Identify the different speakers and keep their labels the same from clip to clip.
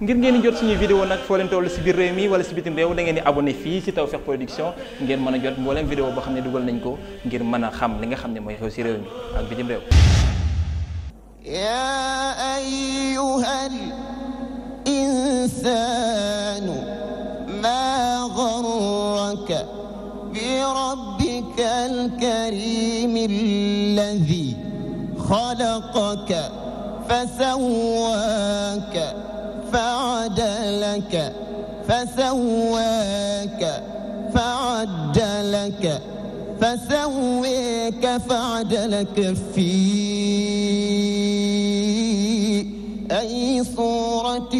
Speaker 1: ngir ngeen di jot suñuy vidéo nag foo leen si biir réew mi wala si bitim réew da ngeen di abonné fii si Tawfekh Production ngeen mën a jot mbooleem vidéo boo xam ne dugal nañ ko ngir mën a xam li nga xam ne mooy
Speaker 2: xew si réew mi ak bitim réew
Speaker 3: yaa ayyuhal insaanu maa garraka bi rabbikal kariim allazii xalaqaka fa sawwaaka فعدلك فسواك فعدلك فسويك فعدلك في أي صورة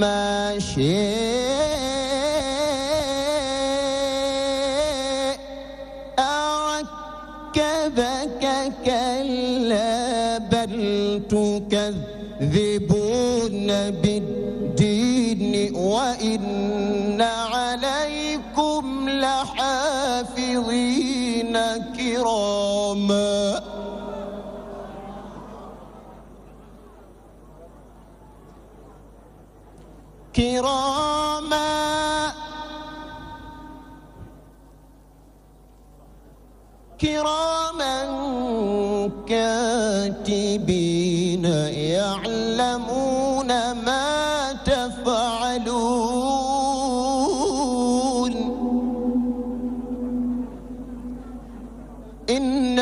Speaker 3: ما شاء أركبك كلا بل تكذبون بالدين وإن عليكم لحافظين كراما كراما كراما كاتبين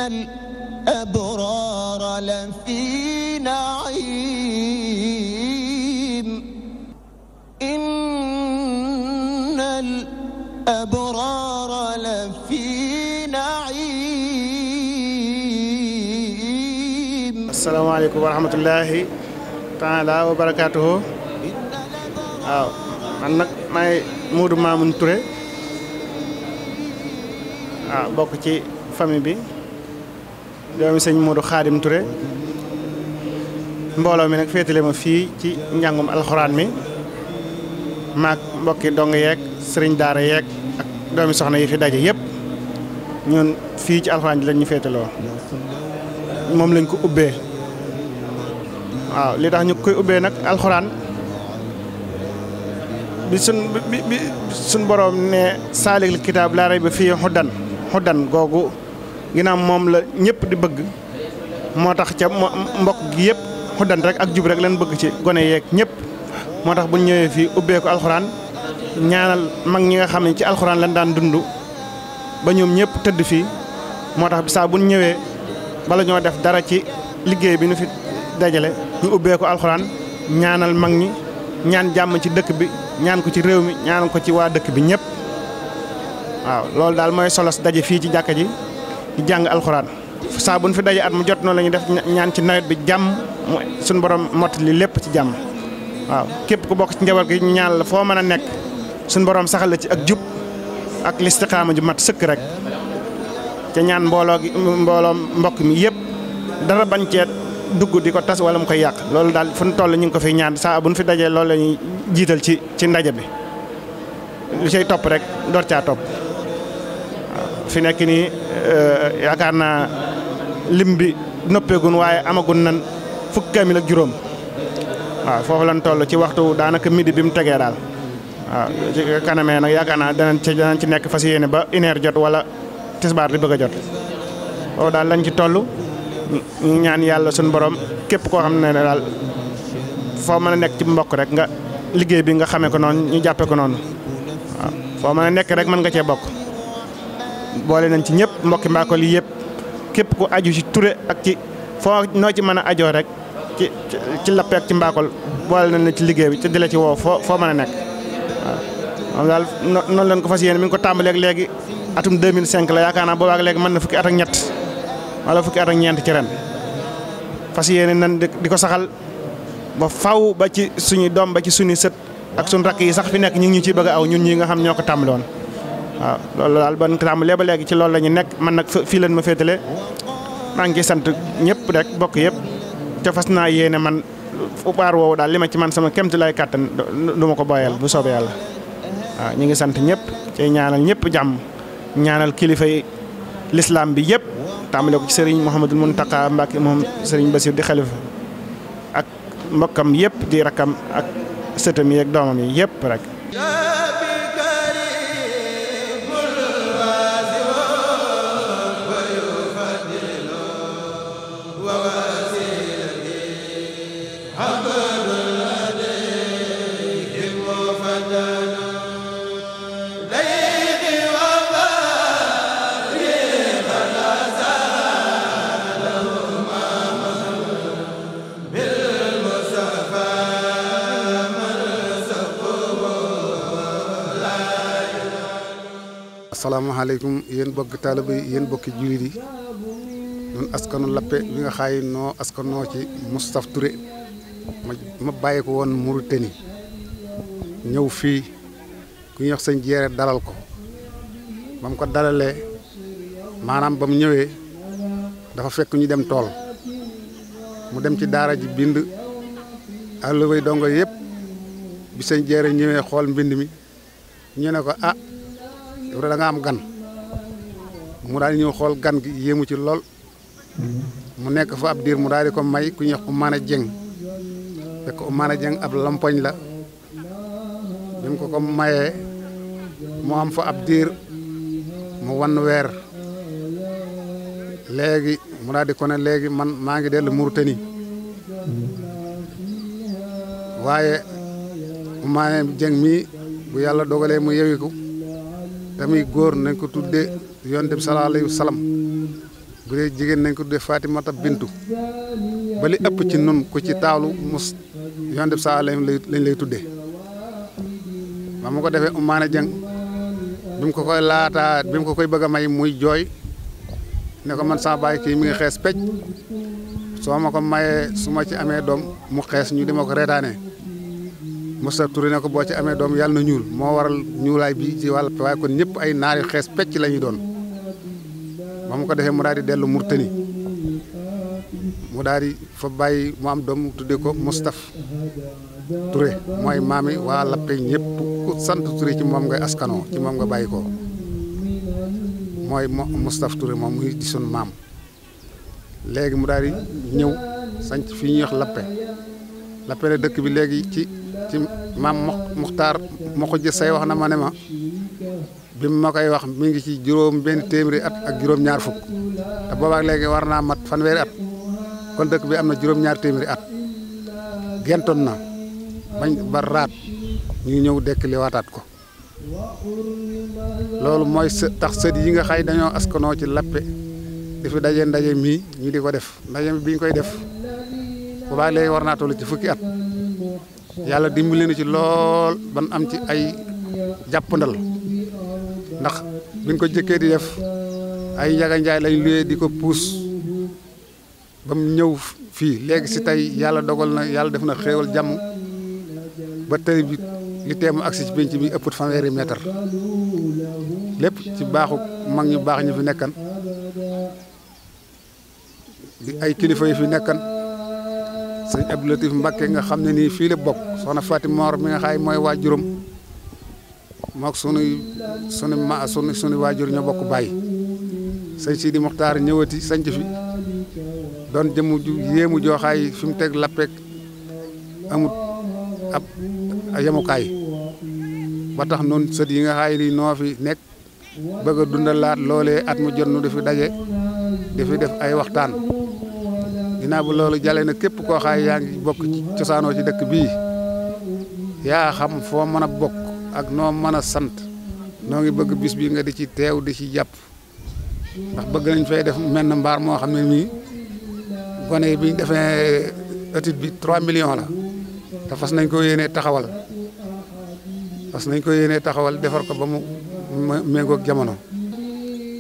Speaker 3: الأبرار لفي نعيم إن الأبرار لفي نعيم
Speaker 4: السلام عليكم ورحمة الله تعالى وبركاته waaw man nag maay Modou Mamoun Touré waaw bokk ci famille bi doomi sëñ Modou Khadim Touré mbooloo mi nag féetale ma fii ci njàngum alxuraan mi maak mbokki dong yeeg sëriñ daara yeeg ak doomi soxna yi fi daje yépp ñun fii ci alxuraan ji lañ ñu féetaloo moom lañ ko ubbee waaw li tax ñu koy ubbee nag alxuraan bi sun bi bi sun boroom ne saalikal kitaab laa rayba fii xuddan xuddan googu ginnaaw moom la ñëpp di bëgg moo tax ca mbokk gi yëpp xuddant rek ak jub rek leen bëgg ci gone yeeg ñëpp moo tax bu ñu ñëwee fii ubbee ko alxuraan ñaanal mag ñi nga xam ci alxuraan lañ daan dundu ba ñoom ñëpp tëdd fii moo tax saa bu ñu ñëwee bala ñoo def dara ci liggéey bi nu fi dajale ñu ubbee ko alxuraan ñaanal mag ñi ñaan jàmm ci dëkk bi ñaan ko ci réew mi ñaan ko ci waa dëkk bi ñëpp waaw loolu daal mooy solos daje fii ci jàkka ji di jàng alxuraan saa bu fi daje at mu jot noonu la ñuy def ñaan ci nawet bi jàmm suñu borom mottali lépp ci jàmm waaw képp ku bokk ci njaboot gi ñaan la foo mën a nekk suñu borom saxal la ci ak jub ak listiqaama ju mat sëkk rek te ñaan mbooloo gi mbooloo mbokk mi yëpp dara bañ cee dugg di ko tas wala mu koy yàq loolu daal fu ñu toll ñu ngi ko fiy ñaan saa bu ñu fi dajee loolu la ñuy jiital ci ci ndaje bi lu cay topp rek door caa topp. fi nekk nii eh, yaakaar naa lim bi noppeegun waaye amagun nan fukki kaamil ak juróom waa foofu lan toll ci waxtu daanaka midi bi mu tegee daal waaw ci kanamee nag yaakaar naa danañ ci danañ ci nekk fas yéene ba une jot wala tisbaar di bëgg jot foofu daal lañ ci toll ñaan yàlla suñu borom képp koo xam ne daal foo mën a nekk ci mbokk rek nga liggéey bi nga xamee ko noonu ñu jàppee ko noonu waaw foo mën a nekk rek mën nga cee bokk. boole nañ ci ñëpp mbokki Mbakol yi yëpp képp ku aju ci Touré ak ci foo noo ci mën a ajoo rek ci ci Lappé ak ci Mbakol boole nañ la ci liggéey bi te di la ci woo foo foo mën a nekk waaw. moom daal noonu lañ ko fas yéene mi ngi ko tàmbaleeg léegi atum 2005 la yaakaar naa boobaag léegi mën na fukki at ak ñett wala fukki at ak ñeent ci ren fas yéene nan di ko saxal ba faw ba ci suñu doom ba ci suñu sët ak suñu rakk yi sax fi nekk ñu ngi ñu ci bëgg aw ñun ñi nga ñoo ko tàmbale waaw loolu daal ban tàmbalee ba léegi ci loolu la ñu nekk man nag fii leen ma féetale maa ngi sant ñëpp rek bokk yëpp te naa yéene man ubaar woowu daal li ma ci man sama kéem lay kàttan du ma ko booyal bu soobee yàlla waaw ñu ngi sant ñëpp ci ñaanal ñëpp jàmm ñaanal kilifa yi lislaam bi yëpp tàmbale ko ci sëriñ Mouhamadul Mountakha Mbacké moom sëriñ Bassir di xalifa ak mbokkam yëpp di rakkam ak sëtam yi ak doomam yi
Speaker 5: asalaamaaleykum yéen bokki taaliba yi yéen bokki jullit yi ñun askanu lappe bi nga xaay noo askanoo ci Moustapha Touré ma ma bàyyi ko woon Mauritanie ñëw fii ku ñuy wax sëñ jeere dalal ko ba mu ko dalalee maanaam ba mu ñëwee dafa fekk ñu dem tool mu dem ci daara ji bind àll bay dongo yëpp bi sëñ jeere ñëwee xool mbind mi ñu ne ko ah yow da am gan mu daal di ñëw xool gan gi yéemu ci lool mu nekk fa ab diir mu daal di ko may ku ñuy wax Oumane Dieng fekk Oumane Dieng ab lampoñ la bi mu ko ko mayee mu am fa ab diir mu wan weer léegi mu daal di ko ne léegi man maa ngi dellu Mauritanie waaye Oumane Dieng mii bu yàlla dogalee mu yewiku tamit góor nañ ko tuddee yonent bi sallallahu bu dee jigéen nañ ko tuddee Fatimata Bintu ba li ëpp ci nun ku ci taalu mus yonent bi sallallahu alayhi wa lañ lay tuddee ba mu ko defee Umaana jang bi mu ko koy laataa bi mu ko koy bëgg a may muy jooy ne ko man sama baay kii mi ngi xees pecc soo ma ko mayee su ma ci amee doom mu xees ñu di ma ko reetaanee Moussa Touré ne ko boo ci amee doom yàlla na ñuul moo waral ñuulaay bi ci wàll waaye kon ñëpp ay naar yu xees pecc lañuy doon ba mu ko defee mu daal di dellu Murtani mu daal di fa bàyyi mu am doom mu tuddee ko Moustapha Touré mooy maami waa Lappe ñëpp ku sant Touré ci moom ngay askanoo ci moom nga bàyyi ko mooy Moustapha Touré moom muy di sunu maam léegi mu daal di ñëw sanc fi ñu wax Lappe Lappe la dëkk bi léegi ci. ci maam Muxtaar ma ko gis say wax na ma ne ma bi ma koy wax mi ngi ci juróom benn téeméeri at ak juróom ñaar fukk te boobaak léegi war naa mat fanweeri at kon dëkk bi am na juróom ñaar téeméeri at gentoon na bañ ba raat ñu ñëw dekk li ko loolu mooy tax sët yi nga xay dañoo askanoo ci lappe di fi daje ndaje mii ñu di ko def ndaje bi ñu koy def boobaak léegi war naa toll ci fukki at yàlla dimbali ci lool ban am ci ay jàppandal ndax biñ ko jëkkee di def ay njaga njaay lañ luyee di ko puus ba mu ñëw fii léegi si tey yàlla dogal na yàlla def na xéewal jàmm ba tey bi li teemu agsi ci penc bi ëpput fanweeri mètre lépp ci baaxu mag ñu baax ñu fi nekkan di ay kilifa yu fi nekkan sëñ Abdou Latif Mbacké nga xam ne nii fii la bokk soxna Fatim Mor mi nga xay mooy waajuram mook sunu ma sunu sunu waajur ñoo bokk bàyyi sëñ Sidi Mokhtar ñëwati sanc fi doon jëmu ju yéemu jooxaay fi mu teg lappeek amut ab yemukaay ba tax noonu sët yi nga xay ni noo fi nekk bëgg a dundalaat loole at mu jot nu dafi daje dafi def ay waxtaan ginnaaw bu loolu jale na képp koo xaay yaa ngi bokk ci cosaanoo ci dëkk bii yaa xam foo mën a bokk ak noo mën a sant noo ngi bëgg bis bi nga di ci teew di ci jàpp ndax bëgg nañ fay def menn mbaar moo xam ne nii gone yi biñ defee étude bi 3 millions la te fas nañ ko yéenee taxawal fas nañ ko yéenee taxawal defar ko ba mu méngoog jamono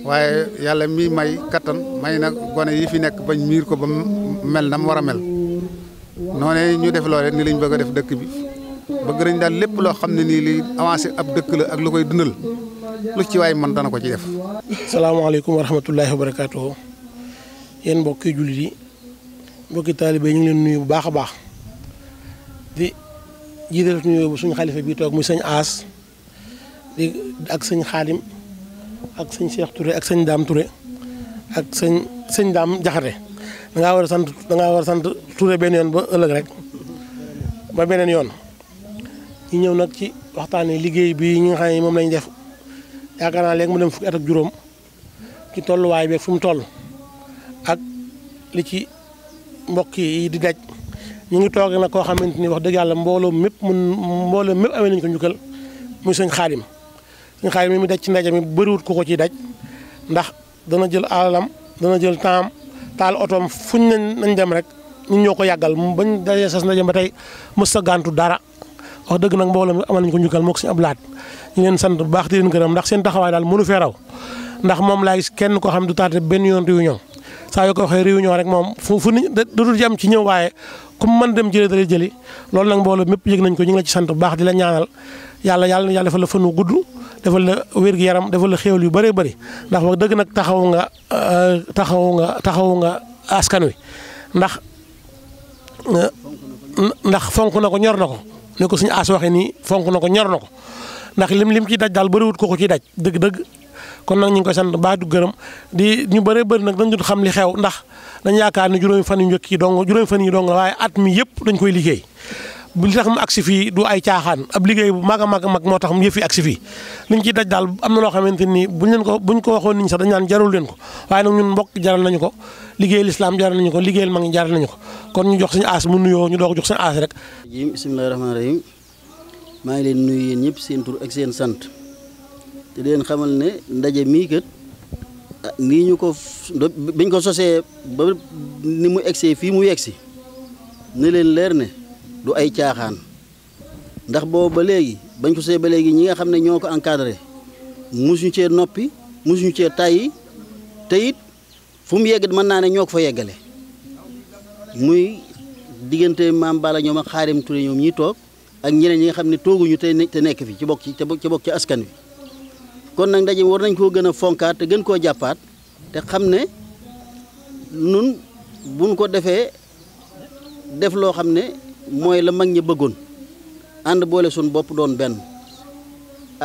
Speaker 5: waaye yàlla mi may kattan may nag gone yi fi nekk bañ miir ko ba mel na mu war a mel noonee ñu def loolee ni lañ bëgg a def dëkk bi bëgg nañ daal lépp loo xam ne nii li avancé ab dëkk la ak lu koy dundal ci waay man dana ko ci def.
Speaker 6: salaamaaleykum wa rahmatullaahi wa barakaatuh yéen mbokki jullit yi mbokki taalibe ñu ngi leen nuyu bu baax a baax di jiital nuyu bu suñu xalifa bi toog muy sëñ Aas di ak sëñ Xaadim ak sëñ Cheikh Touré ak sëñ daam Touré ak sëñ sëñ Dame Jaxate da war a sant da war a sant Touré benn yoon ba ëllëg rek ba beneen yoon ñu ñëw nag ci waxtaan yi liggéey bi ñi nga xam ne moom lañ def yaakaar naa léegi mu dem fukki at ak juróom ki tolluwaay bi fu mu toll ak li ci mbokk yi di daj ñu ngi toog nag koo xamante ni wax dëgg yàlla mbooloo mépp mun mbooloo mépp amee nañ ko njukkal muy sëñ Xaadim suñu xaadim mi mu daj ci ndaje mi bëriwut ku ko ci daj ndax dana jël alalam dana jël temps taal otoom fu ñu fuñ nañ dem rek ñun ñoo ko yàggal bañ dajee sas ndaje ba tey mës sa dara wax dëgg nag mbooloo mi amal nañ ko njukkal moog suñu ab laat ñu leen bu baax di leen gërëm ndax seen taxawaay daal mënu fee raw moom laa gis kenn koo xam du taate benn yoon réunion saa yoo ko waxee réunion rek moom fu dudul jam ci ñëw waaye comme mën dem jëlee dale jëli loolu nag mbooloo mépp yëg nañ ko ñu ngi ci sant bu baax di la ñaanal yàlla yàlla yàlla defal la fan wu gudd defal la wér-gu-yaram defal la xéewal yu bëree bëri ndax wax dëgg nag taxaw nga euh, taxaw nga taxaw nga askan wi ndax euh, ndax fonk na ko ñor na ko ne ko suñu waxee nii fonk na ko ñor na ko ndax lim lim ci daj daal bëriwut ko ko ci daj dëgg-dëgg kon nag ñu ngi koy sant baax gërëm di ñu bëree bëri nag dañ doon xam li xew ndax dañ yaakaar ne juróomi fan yu njëkk yi dong fan yi dong la waaye at mi yëpp dañ koy liggéey li tax mu agsi fii du ay caaxaan ab liggéey bu mag a mag mag moo tax mu yëfi agsi fii liñ ci daj daal am na loo xamante ni bu leen ko buñ ko waxoon niñ sax dañ naan jarul leen ko waaye nag ñun mbokk jaral nañu ko liggéey lislaam jaral nañu ko liggéeyal mag ñi jaral nañu ko kon ñu jox suñu aas mu nuyoo ñu doog jox suñu aas rek
Speaker 2: jim bismillahi rahmaani rahim maa ngi leen nuyu yéen ñëpp seen ak seen sant te leen xamal ne ndaje mii kat ah, nii ñu ko biñ ko sosee ba ni mu egsee fii mu egsi ne leen leer ne du ay caaxaan ndax boobu ba léegi bañ ko see ba léegi ñi nga xam ne ñoo ko encadré musuñu cee noppi musuñu cee tàyyi te it fu mu yegg mën naa ne ñoo ko fa yeggale muy diggante maam Bala ñoom ak Xaarim Ture ñoom ñi toog ak ñeneen ñi nga xam ne tooguñu te te nekk fi ci bokk ci ci bokk ci askan wi kon nag ndaje war nañ koo gën a fonkaat te gën koo jàppaat te xam ne nun buñ ko defee def loo xam ne mooy la mag ñi bëggoon ànd boole suñ bopp doon benn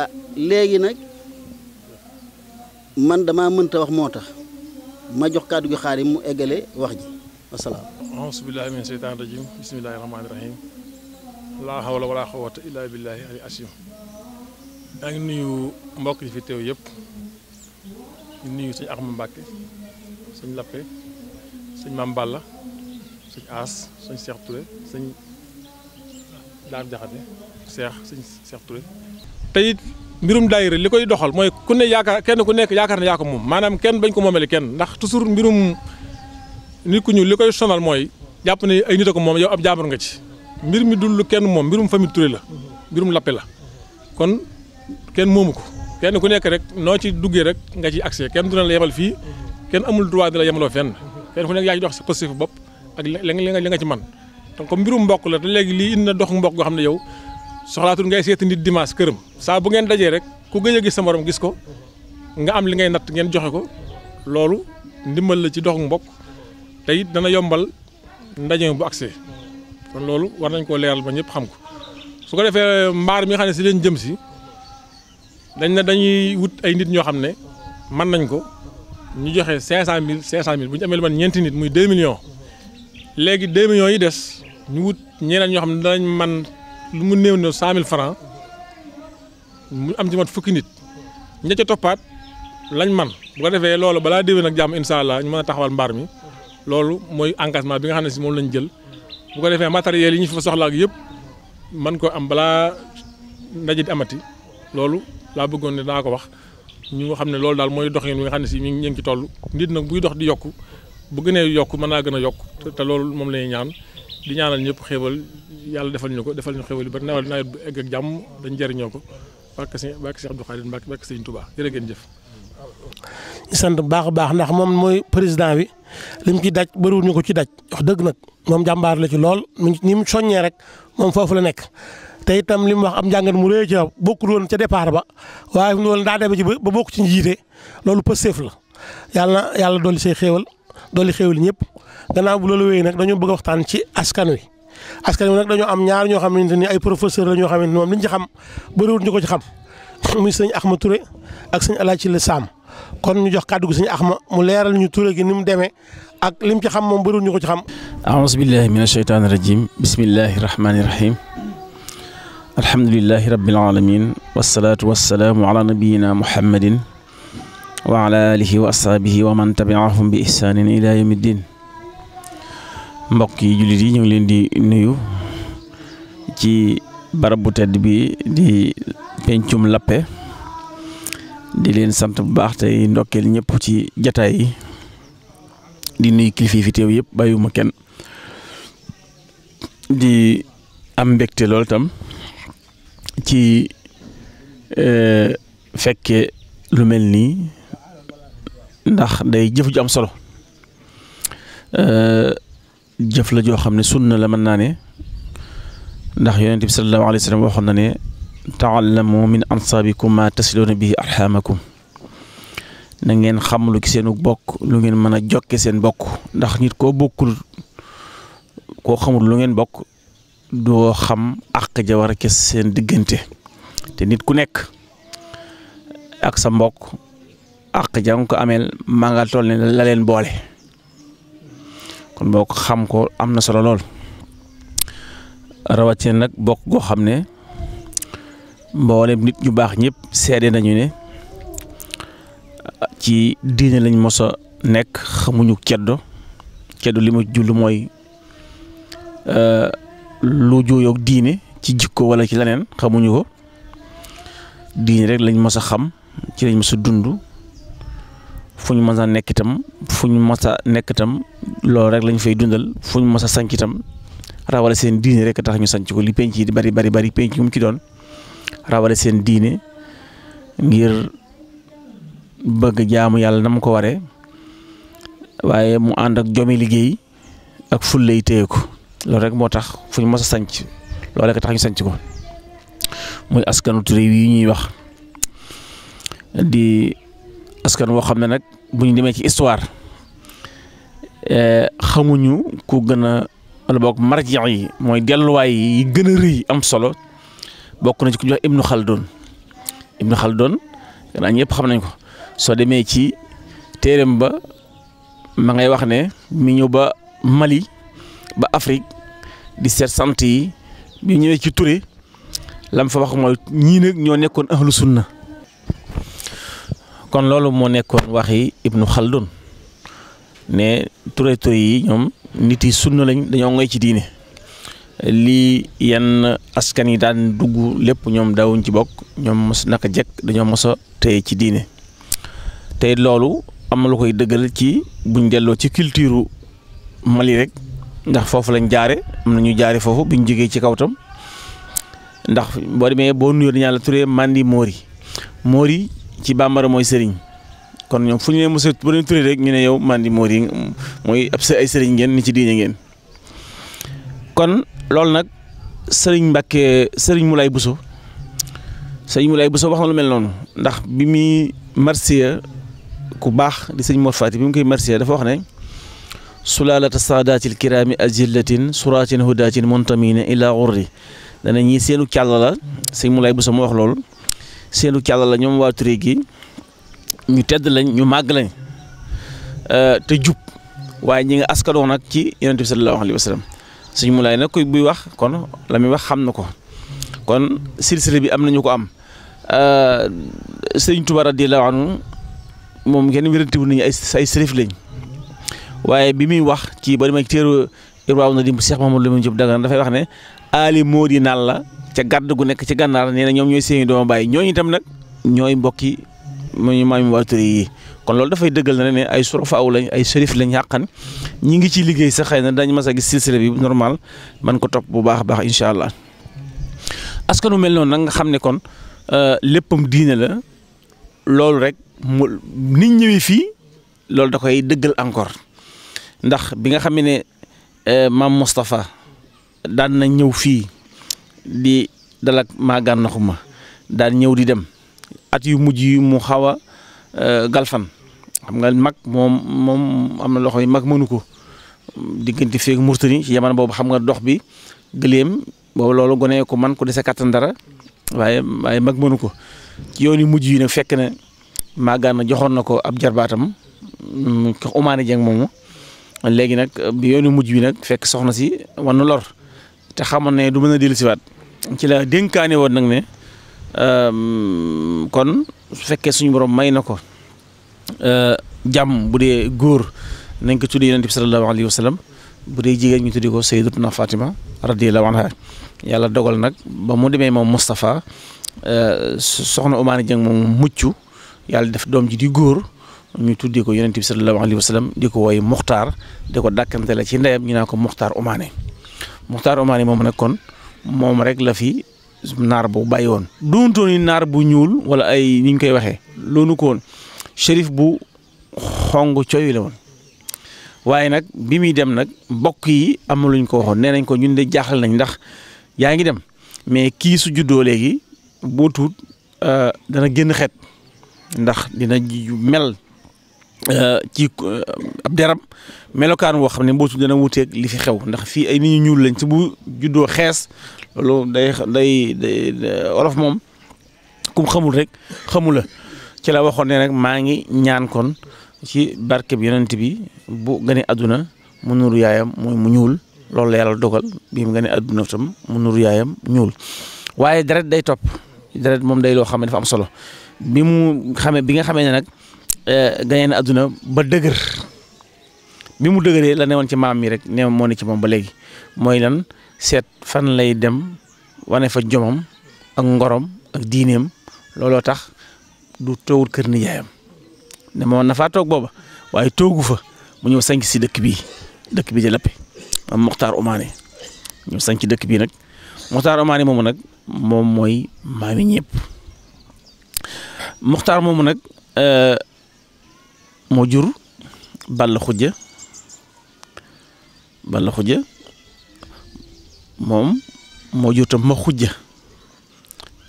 Speaker 2: ah léegi nag man dama mënta wax moo tax ma jox kàddu gi xaar yi mu eggale wax ji wasalaam
Speaker 7: ahasubillahi min seytaan rajim bismillahi rahmaani rahim laa hawla wala quwwata illa billahi ali asim maa ngi nuyu mbokk yi fi teew yëpp nuyu sëñ Axma Mbàkke suñ Lappe sëñ Maam Balla sëñ Aas sëñ Seex Ture sëñ Daam Jaxate Cheikh sëñ Cheikh te it mbirum daayira li koy doxal mooy ku ne yaakaar kenn ku nekk yaakaar ne yaa ko moom maanaam kenn bañ ko moomele kenn ndax toujours mbirum nit ku ñu li koy sonal mooy jàpp ne ay nit a moom yow ab jaamur nga ci mbir mi dul kenn moom mbirum famille Touré la mbirum lappe la kon kenn moomu ko kenn ku nekk rek noo ci duggee rek nga ci accès kenn du na la yemal fii kenn amul droit di la yemaloo fenn kenn ku nekk yaa ci dox sa positif bopp ak li li nga ci man donc comme mbirum mbokk la te léegi lii indi na dox mbokk goo xam ne yow soxlaatul ngay seeti nit dimaas këram saa bu ngeen dajee rek ku gëj a gis sa morom gis ko nga am li ngay natt ngeen joxe ko loolu ndimbal la ci doxu mbokk te dana yombal ndaje bu accès kon loolu war nañ koo leeral ba ñëpp xam ko su ko defee mbaar mi xam ne si leen jëm si dañ ne dañuy wut ay nit ñoo xam ne mën nañ ko ñu joxe cinq cent mille cinq cent mille bu ñu amee lu man ñeenti muy deux millions léegi deux millions des ñu wut ñeneen ñoo xam ne danañ man lu mu néew ne cent mille francs mu am ci mat fukki nit ña ca toppaat lañ man bu ko defee loolu balaa déwén ak jàmm incha allah ñu mën a taxawal mbaar mi loolu mooy engagement bi nga xam ne si moom lañ jël bu ko defee matériel yi ñu fa soxla ak yëpp man ko am balaa ndaje di amati loolu laa bëggoon ne daa ko wax ñu nga xam ne loolu daal mooy doxin bi xam ne si ñu ngi ci toll nit nag buy dox di yokku bu gënee yokk mën naa gën a yokk te loolu moom lañuy ñuy ñaan di ñaanal ñëpp xéewal yàlla defal ñu ko defal ñu xéewal yu bari nawet nawet bu egg ak jàmm dañ jëriñoo ko barke si barke si Abdou Khadir Mbacke barke Sëñ Touba jërë
Speaker 6: ngeen jëf. ñu sant bu baax a baax ndax moom mooy président bi lim ci daj bëriwul ñu ko ci daj wax dëgg nag moom jàmbaar la ci lool ni mu soññee rek moom foofu la nekk. te itam li mu wax am njàngat mu rëy ca bokkul woon ca départ ba waaye loolu daa demee ci ba bokk ci njiite loolu pësteef la yàlla na yàlla dolli say xéewal dolli xéewal ñëpp gannaaw bu loolu wéyee nag dañoo bëgg a waxtaan ci askan wi askan wi nag dañoo am ñaar ñoo xamante ni ay professeur la ñoo xamante ni moom liñ ci xam bëriwul ñu ko ci xam muy sëñ ma Touré ak sëñ Alaaji Le Sam kon ñu jox kàddu gi sëñ ma mu leeral ñu Touré gi ni mu demee ak lim ci xam moom bëriwul ñu ko ci xam.
Speaker 1: aouzu billahi mina shaytaani rajim bismillahi rahmaani rahim alhamdulilahi rabbil alamin wasalaatu wasalaamu ala nabiyina muhammadin wa ala alihi wa asxaabihi wa man tabiahum bi ihsanin ila yawmi ddin mbokk yi jullit yi ñu ngi leen di nuyu ci barab bu tedd bi di pencum lappe di leen sant bu baax tey ndokkeel ñëpp ci jataay yi di nuyu kilifa yi fi teew yëpp bàyyiwuma kenn di am mbégte lool tam ci e, fekke lu mel nii ndax day jëf ju am solo e, jëf la joo xam ne sunna la mën naa ne ndax yonent bi sallallahu alayhi wa sallam waxoon na ne taallamu min ansaabikum ma tasiluuna bihi arxaamakum na ngeen xam lu ci seenu bokk lu ngeen mën a jokke seen bokk ndax nit koo bokkul koo xamul lu ngeen bokk doo xam àq ja a kes seen diggante te nit ku nekk ak sa mbokk àq ja nga ko ameel maa nga toll ne la leen boole kon boo ko xam ko am na solo lool rawatin nag bokk goo xam ne mboolem nit ñu baax ñëpp seede nañu ne ci diine lañ mos a nekk xamuñu ceddo ceddo li ma jullu mooy euh, lu jooyoog diine ci jikko wala ci leneen xamuñu ko diine rek lañ mos a xam ci lañ mos dund fu ñu mës a nekk itam fu ñu mës a nekk loolu rek lañ fay dundal fu ñu mës a sanc itam rawale seen diine rek a tax ñu sanc ko li penc yi di bari bari bari penc yu mu ci doon rawale seen diine ngir bëgg jaamu yàlla na mu ko waree waaye mu ànd ak jomi liggéey ak fullay téye ko loolu rek moo tax fu ñu mës a sanc loolu rek tax ñu sanc ko muy askanu Touré yi ñuy wax askan woo xam ne nag bu ñu demee ci histoire eh, xamuñu ku gën a wala boog yi mooy delluwaay yi gën a rëy am solo bokk na ci ku ñuy wax Ibnu Khaldun Ibnu doon xanaa ñëpp xam nañ ko soo demee ci téereem ba ma ngay wax ne mu ñëw ba Mali ba Afrique di seet sant yi bi ñëwee ci Touré lam fa wax mooy ñii nag ñoo nekkoon ahlu na kon loolu moo nekkoon waxi Ibnu Khaldun ne turé-turé yi ñoom nit yi sunna lañ dañoo ngoy ci diine lii yenn askan yi daan dugg lépp ñoom dawuñ ci bokk ñoom mos naka jekk dañoo mos a ci diine tey loolu am na lu koy dëggal ci buñ delloo ci culture Mali rek ndax foofu lañ jaare am na ñu jaare foofu buñ jógee ci kaw tam ndax boo demee boo nuyoo dañaa la turé mandi moori moori ci bambara mooy sëriñ kon ñoom fu ñu nee monsieur bu leen turee rek ñu ne yow Mandi Mori mooy ab ay sëriñ ngeen ni ci diine ngeen kon loolu nag sëriñ Mbacke sëriñ Moulay Bousso sëriñ Moulay Bousso wax na mel noonu ndax bi muy marsiya ku baax di sëriñ Mor Fati bi mu koy marsiya dafa wax ne sulaalata saadaatil kiraami ajillatin suraatin hudaatin montamina ila gurri dana ñii seenu càll la sëriñ Moulay Bousso moo wax loolu seenu càlla la ñoom waa Touré gi ñu tedd lañ ñu màgg lañ euh, te jub waaye ñi nga askanoo nag ci yonent bi sallallahu alayhi wa sallam suñu mulaay nag koy buy wax kon la muy wax xam na ko kon silsile bi am nañu ko am euh, sëriñ Tuubaa radiyallaahu anhu moom kenn wéranti wu nañu ay ay sërif lañ waaye bi muy wax ci ba demee téeru irwaaw na dimb Cheikh Mamadou Lamine Diop Dagana dafay wax ne aali Mody la ca gàdd gu nekk ci gànnaar nee ñoom ñooy seeni dooma bàyyi ñooñu itam nag ñooy mbokki ma maami waaturi yi kon loolu dafay dëggal na ay surafaaw lañ ay sërif lañ xàqan ñi ngi ci liggéey sax xëy na dañ mas a gis silsile bi normal man ko topp bu baax a baax incha allah askan wu mel noonu nag nga xam ne kon euh, léppam diine la loolu rek mu nit fii loolu da koy dëggal encore ndax bi nga xam ne euh, maam Moustapha daan na ñëw fii di dalak maa gànnaxuma daan ñëw di dem at yu mujj yi mu xaw a euh, galfan xam nga mag moom moom am na loxo yi mag mënu ko diggante feeg murtani ci jamono boobu xam nga dox bi gëléem boobu loolu gone ko man ko dese kattan dara waaye waaye mag mënu ko ci yoon yu mujj yi nag fekk ne maagaan joxoon na ko ab jarbaatam ko mm, umaane jeng moomu léegi nag bi yoon yu mujj wi nag fekk soxna si wanu lor te xamoon ne du mën a siwaat ci la dénkaane woon nag ne euh, kon su fekkee suñu borom may na ko euh, jàmm bu dee góor nañ ko tuddee yonent bi sallallahu alayhi wa sallam bu dee jigéen ñu tuddee ko sayyidatuna Fatima radiyallahu anha yàlla dogal nag ba mu demee moom Moustapha euh, soxna Oumar Dieng moom mucc yàlla def doom ji di góor ñu tuddee ko yonent bi la alayhi wa sallam di ko woy Muxtaar di ko dàkkante la ci ndeyam ñu naa ko Muxtaar Oumane. Muxtaar yi moom nag kon moom rek la fi naar bu bàyyi woon. doontoon naar bu ñuul wala ay ni ñu koy waxee loonu ko woon shérif bu xong coy la woon waaye nag bi muy dem nag mbokk yi am luñ ko waxoon nee nañ ko ñun de jaaxal nañ ndax yaa ngi dem mais kii su léegi boo tuut euh, dana génn xet ndax dina mel. Euh, ci euh, ab melokaan woo xam ne mbootu dana wuteeg li fi xew ndax fii ay nit ñu ñuul lañ ci bu juddoo xees loolu day day olof moom kum xamul rek xamula ci la waxoon ne rek maa ngi ñaan kon ci barke bi yonent bi bu gane àdduna mu nuru yaayam mooy mu ñuul loolu la yàlla dogal bi mu gane àdduna tam mu nuru yaayam ñuul waaye deret day topp deret moom day loo xam ne dafa am solo bi mu xamee bi nga xamee ne nag Eh, gañee na àdduna ba dëgër bi mu dëgëree la newoon ci maam mi rek ne moo ne ci moom ba léegi mooy lan seet fan lay dem wane fa jomam ak ngorom ak diineem looloo tax du toogul kër nijaayam ne moom na faa toog booba waaye toogu fa mu ñëw sanc si dëkk bii dëkk bi di lappe moom Mokhtar Omané dëkk bii nag Mokhtar moomu nag moom mooy maami ñëpp Mokhtar moomu nag eh, moo jur Balla Xujja Balla Xujja moom moo jur tam ma xujja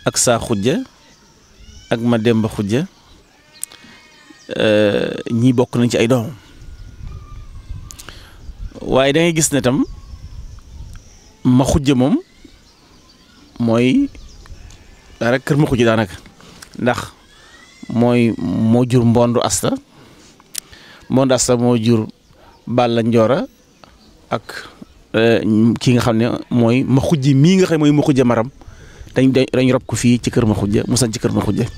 Speaker 1: ak saa xujja ak ma demba xujja euh, ñii bokk nañ ci ay doom waaye dangay gis ne tam ma xujja moom mooy rek kër ma xujja daanaka ndax mooy moo jur mbondu asta moo ndax sa moo jur Balla Ndiora ak eh, ki nga xam ne mooy ma xujj mii nga xam mooy ma xujj maram dañ dañ rob ko fii ci kër ma xujj mu sañ ci kër ma xujj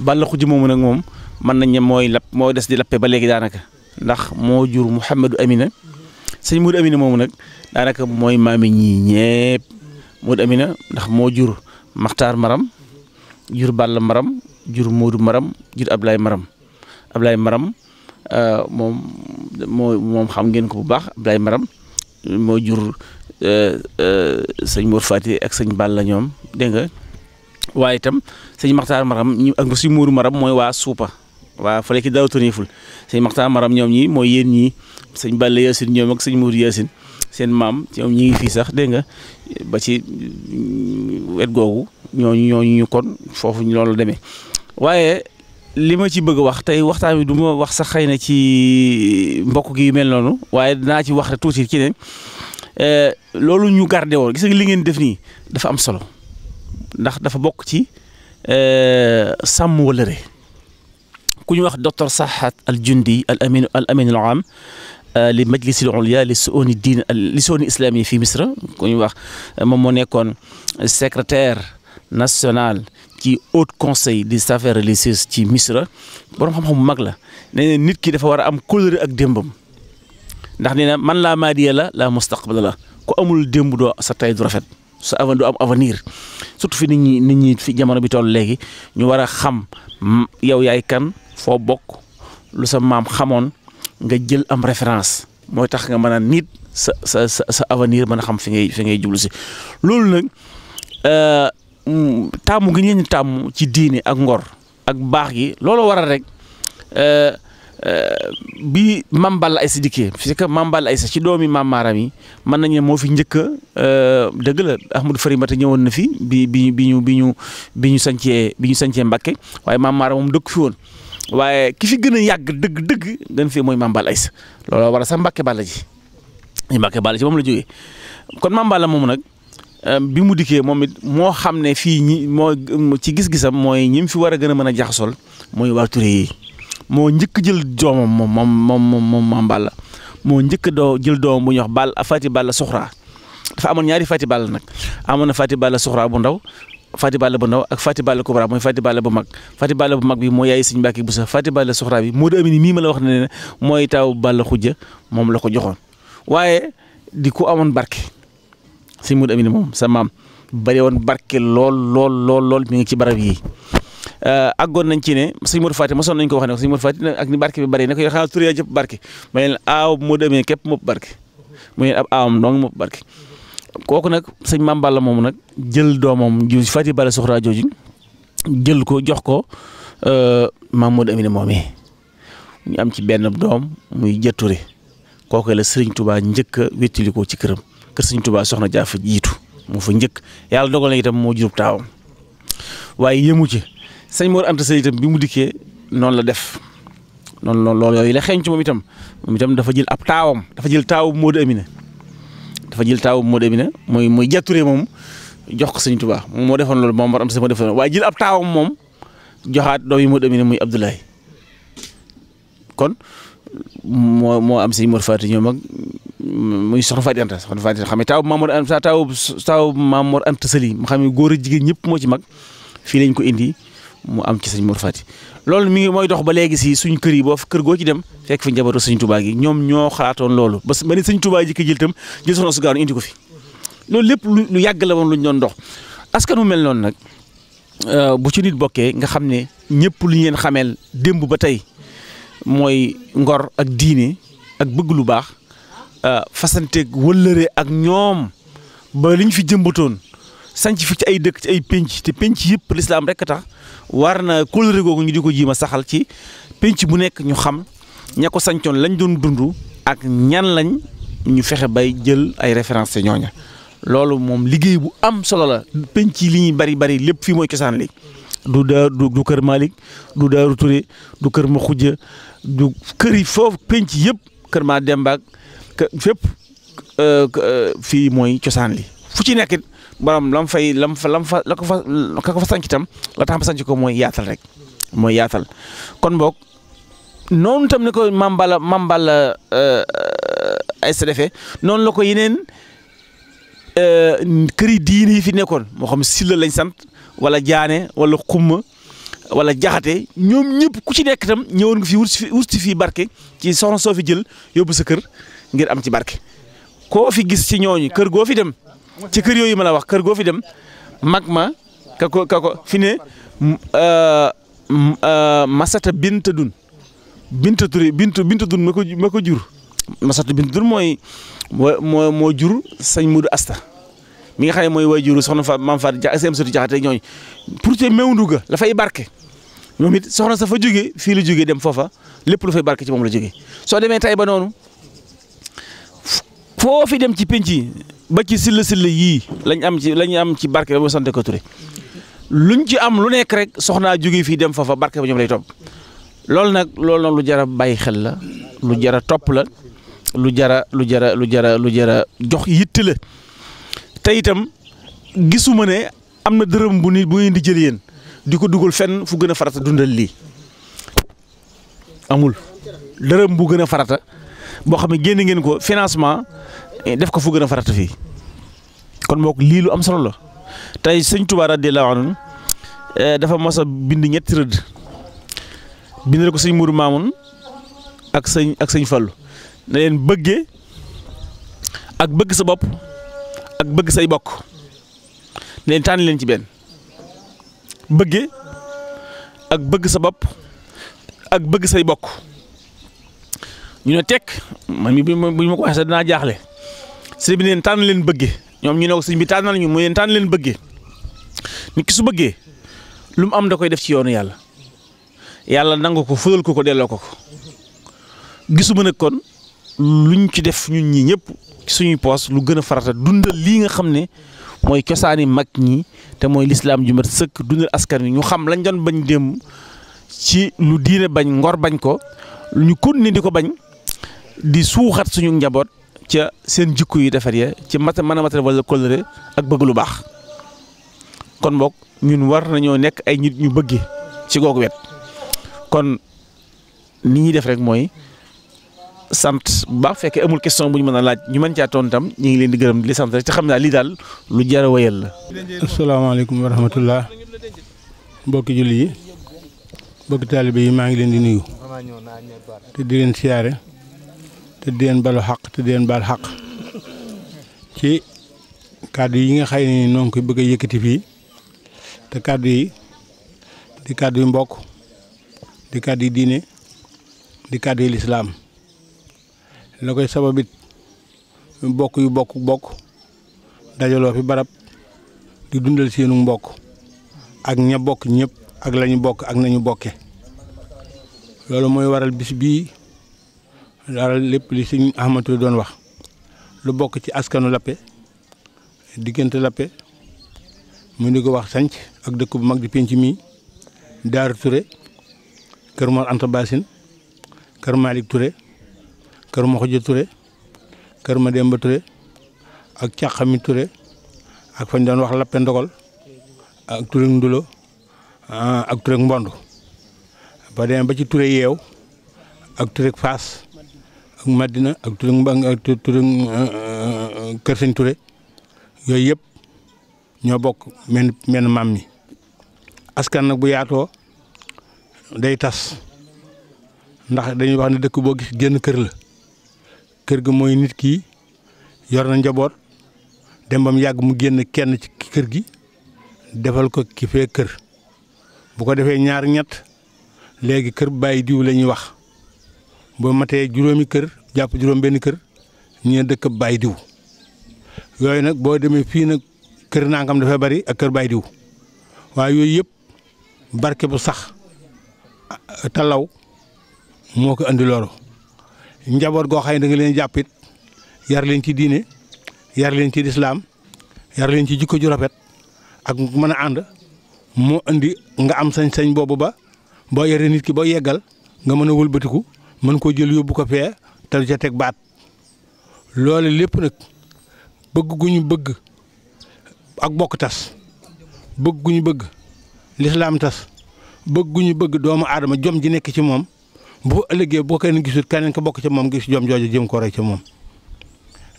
Speaker 1: Balla xujj moomu nag moom mën nañ ne mooy lap moo des di lappe ba léegi daanaka ndax moo jur Mouhamadou Amina sëñ Modou Amina moomu nag daanaka mooy maami ñii ñëpp Modou Amina ndax moo jur Maxtaar Maram jur Balla Maram jur Modou Maram jur Ablaye Maram Ablaye Maram Euh, moom moo moom xam ngeen ko bu baax Ablaye Maram moo jur euh, euh, sëñ Mor Fati ak sëñ la ñoom dégg nga waaye tam sëñ Maxtaar Maram ñu ak si Muuru Maram mooy waa suupa waa fële ki daaw ful sëñ Maxtaar Maram ñoom ñii mooy yéen ñii sëñ Balla Yaasin ñoom ak sëñ Muuru Yaasin seen maam ñoom ñi ngi fii sax dégg nga ba ci mm, wet googu ñooñu ñooñu ñu kon foofu loolu demee waaye li ma ci bëgg a wax tey waxtaan bi du ma wax sax xëy na ci mbokk gi mel noonu waaye dinaa ci wax rek tuuti ci ne eh, loolu ñu garde woon gisa nga li ngeen def nii dafa am solo ndax dafa bokk ci eh, sàmm wëllëre ku ñu wax docteur Sahat al Jundi al amin al amin al am eh, li majlis al ulya li suuni diin li suuni islami fii Misra ku ñu wax moom moo nekkoon secrétaire national. ci haut conseil des affaires religieuses ci misra borom xam-xam bu mag la nee nit ki dafa war a am kóllëre ak démbam ndax nee na man laa maadiya la laa mustaqbala la ko amul démb doo sa tay du rafet sa avenir du am avenir surtout fi nit ñi nit ñi fi jamono bi toll léegi ñu war a xam mm, yow yaay kan foo bokk lu sa maam xamoon nga jël am référence mooy tax nga mën a nit sa sa sa avenir mën a xam fi ngay fi ngay jublu si loolu nag euh, taamu gi ñu tàmm ci diine ak ngor ak baax gi loolu waral rek euh, euh, bi mambal Balla Aïssa dikkee parce que Mame Balla Aïssa ci doomi Mame Maram yi mën nañu moo fi njëkk a euh, dëgg la Ahmadou Farimata ñëwoon na fi bi bi bi ñu bi ñu bi ñu sancee bi ñu sancee Mbàkke waaye Mame Maram moom dëkk fi woon waaye ki fi gën a yàgg dëgg dëgg gën fi mooy Mame Balla Aïssa looloo waral sax Mbàkke Balla ji Mbàkke Balla ji moom la jógee kon Mame Balla moom nag. Euh, bi mu dikkee moom it moo xam ne fii ñi moo ci gis-gisam mooy ñim fi war a gën a mën a jaxasool mooy waa yi moo njëkk jël doomam moom moom moom moom moo njëkk doo jël doomam bu ñuy wax Balla Fati Balla Suxra dafa amoon ñaari Fati Balla nag amoon na Fati Balla Suxra bu ndaw Fati Balla bu ndaw ak Fati Balla Kubra mooy Fati Balla bu mag Fati Balla bu mag bi moo yaay Sëñ Mbàkke bu sax Fati Balla Suxra bi moo di amini mii ma la wax ne mooy taw Balla Xujja moom la ko joxoon waaye di ku amoon barke. sëñ Modou Amine moom sa maam bari woon barke lool lool lool lool mi ngi ci barab yii euh, àggoon nañ ci ne sëñ Modou Faty mosoon nañ ko wax ne ko sëñ Modou Faty ak ni barke bi bari na ko xanaa tur yaa ma ne aaw Modou Amine képp mopp barke mu ne ab aawam dong mopp barke kooku nag sëñ Maam Balla moom nag jël doomam ju Faty Balla Soxra jooju jël ko jox ko euh, maam Modou Amine moom yi am ci benn doom muy jëtture kooku la sëriñ tubaa njëkk a ko ci këram kër sëñ Tuubaa soxna jaa fa jiitu moo fa njëkk yàlla dogal na itam moo jurub taawam waaye yëmu ci sëñ Mor Anta Sali itam bi mu dikkee noonu la def noonu loolu loolu yooyu la xeeñ ci moom itam moom itam dafa jël ab taawam dafa jël taawu Modou Amina dafa jël taawu Modou Amina mooy mooy jàtture moom jox ko sëñ Tuubaa moo defoon loolu moom Mor Anta Sali moo defoon waaye jël ab taawam moom joxaat doom yi Modou Amina muy Abdoulaye kon moo moo am sëñ Mor Faty ñoom ak muy soxna Faty Anta soxna Faty xam ne taawu Maam Mor Anta taawu taawu Maam Mor Anta Sali mu xam ne góor ak ñëpp moo ci mag fii lañ ko indi mu am ci sëñ Mor Faty loolu mi ngi mooy dox ba léegi si suñ kër yi boo kër goo ci dem fekk fi njabootu sëñ Touba gi ñoo xalaatoon loolu ba ba ni sëñ Touba ji ko jël itam jël soxna su ko fi loolu lépp lu yàgg la woon lu ñu doon dox askan wu mel noonu nag euh, bu ci nit bokkee nga xam ne ñëpp lu ñu leen xameel démb ba tey mooy ngor ak diine ak bëgg lu baax euh, fasanteeg wëllëre ak ñoom ba liñ fi jëmbatoon sanc fi ci ay dëkk ci ay pénc te pénc yëpp lislaam rek tax war na kóllëre googu ñu di ko jiim a saxal ci pénc bu nekk ñu xam ña sancoon lañ doon dundu ak ñan lañ ñu fexe bay jël ay référence ñooña loolu moom liggéey bu am solo la pénc li ñuy bari bari lépp fi mooy cosaan li du daa du kër Malick du Daaru Touré du kër Maxuja du kër yi foofu penc yëpp kër maa dembaak fépp fii mooy cosaan li fu ci nekk borom lam fay lam fa lam fa la fa ka fa sanc itam la tax fa sanc ko mooy yaatal rek mooy yaatal kon boog noonu tam ne ko mambala mambala euh, noonu la ko euh, këri diini fi nekkoon moo xam silla lañ sant wala jaane wala xumma wala jaxate ñoom ñëpp ku ci nekk itam ñëwoon nga fi wut si wut si fii barke ci soxna soo fi jël yobbu sa kër ngir am ci barke. ko fi gis ci ñooñu kër goo fi dem ci kër yooyu ma la wax kër goo fi dem mag ma ka ko ka ko fi ne euh, euh, Masata Binta Dun Binta Touré Dun ma ko ma ko jur. Masata Binta Dun mooy moo moo jur sëñ Mudu Asta. mi nga xam ne mooy waajuru soxna fa maam Fatou Dia ak seen sëtu Jaxate ñooñu pour te mewndu ga la fay barke. moom it soxna safa fa jógee fii la jógee dem foofa lépp lu fay barke ci moom la jógee soo demee tay ba noonu foo fi dem ci penc yi ba ci silla silla yii lañ am ci lañ am ci barke ba mu sant luñ ci am lu nekk rek soxnaa jóge fii dem foofa barke ba ñoom lay topp loolu nag lool nag lu jar a bàyyi xel la lu jar a topp la lu jara lu jara lu jara lu jara jox yitte la te itam gisuma ne am na dërëm bu nit bu ngeen di jël yéen di ko dugal fenn fu gën a farata dundal lii amul dërëm bu gën a farata boo xam ne génn ngeen ko financement eh, def ko fu gën a farata fii kon mook lii lu am solo la tey sëñ Tuubaa radiyallaahu anhu eh, dafa mosa bind ñetti rëdd bind ko sëñ Mourou Mamoun ak sëñ ak sëñ Fallou na leen bëggee ak bëgg sa bopp ak bëgg say bokk na leen leen ci benn. bëgge ak bëgg sa bopp ak bëgg say bokk ñu ne tekk man mi bu ma ko waxee sax dinaa jaaxle sëñ bi neen tànn leen bëgge ñoom ñu ne ko sëñ bi tànnal ñu mu neen tànn leen bëgge nit ki su bëggee lu mu am da koy def ci yoonu yàlla yàlla nangu ko fëlal ko ko delloo ko gisuma nag kon luñ ci def ñun ñii ñëpp suñuy poos lu gën a farata dundal lii nga xam ne mooy cosaani mag ñi te mooy lislaam ju sëkk dundal askan wi ñu xam lañ doon bañ démb ci lu diine bañ ngor bañ ko ñu kon ni di ko bañ di suuxat suñu njaboot ca seen jikko yi defar ya ci mat mën a matal wala ak bëgg lu baax kon boog ñun war nañoo nekk ay nit ñu bëgge ci googu wet kon ni ñuy def rek mooy sant bu baax fekkee amul question bu ñu mën a laaj ñu mën caa tontam ñu ngi leen di gërëm li leen sant rek te xam naa lii daal lu jar a la.
Speaker 8: asalaamaaleykum wa rahmatullah mbokki julli yi mbokki taalibe yi maa ngi leen di nuyu te di leen siyaare te di leen balu xaq te di leen baal xaq ci kàddu yi nga xay ne noo bëgg a yëkkati fii te kàddu yi di kàddu yu mbokk di kàddu yu diine di kàddu yu lislaam la koy sababit bokk yu bokk bokk dajaloo fi barab di dundal seenu mbokk ak ña bokk ñëpp ak lañu bokk ak nañu bokke loolu mooy waral bis bii dara lépp li si Ahmadou doon wax lu bokk ci askanu Lappé diggante Lappé mu di ko wax sanc ak dëkk bu mag di penc mi daar ture Kër Mor Anta Bassine Kër Malick Touré kër Maxuja ture kër Mademba Touré ak Càqami Touré ak fañ doon wax Lappe Ndogol ak ture Ndulo ah, ak Touré Mbond ba demee ba ci Touré Yeew ak Touré Faas ak Madina ak Touré Mbang ak Touré ah, Kër yooyu yëpp ñoo bokk men men maam mi askan nag bu yaatoo day tas ndax dañuy wax ne dëkk boo gis génn kër la kër gi mooy nit ki yor na njaboot dembam yàgg mu génn kenn ci kër gi defal ko ki fee kër bu ko defee ñaar ñett léegi kër bàyyi diw lañuy wax boo matee juróomi kër jàpp juróom benn kër ñu dëkk bàyyi diw yooyu nag boo demee fii nag kër nangam dafay bari ak kër bàyyi diw waaye yooyu yëpp barke bu sax talaw moo ko andi loolu njaboot goo xam ne da nga leen jàppit yar leen ci diine yar leen ci lislaam yar leen ci jikko ju rafet ak mën a ànd moo indi nga am sañ-sañ boobu ba boo yore nit ki boo yeggal nga mën a wëlbatiku mën koo jël yóbbu ko fee te du ca teg baat loole lépp nag bëgg gu ñu bëgg ak bokk tas bëgg gu ñu bëgg lislaam tas bëgg gu ñu bëgg doomu aadama jom ji nekk ci moom boo ëllëgee boo kenn gisul keneen ko bokk ci moom gis jom jooju jëm ko roy ci moom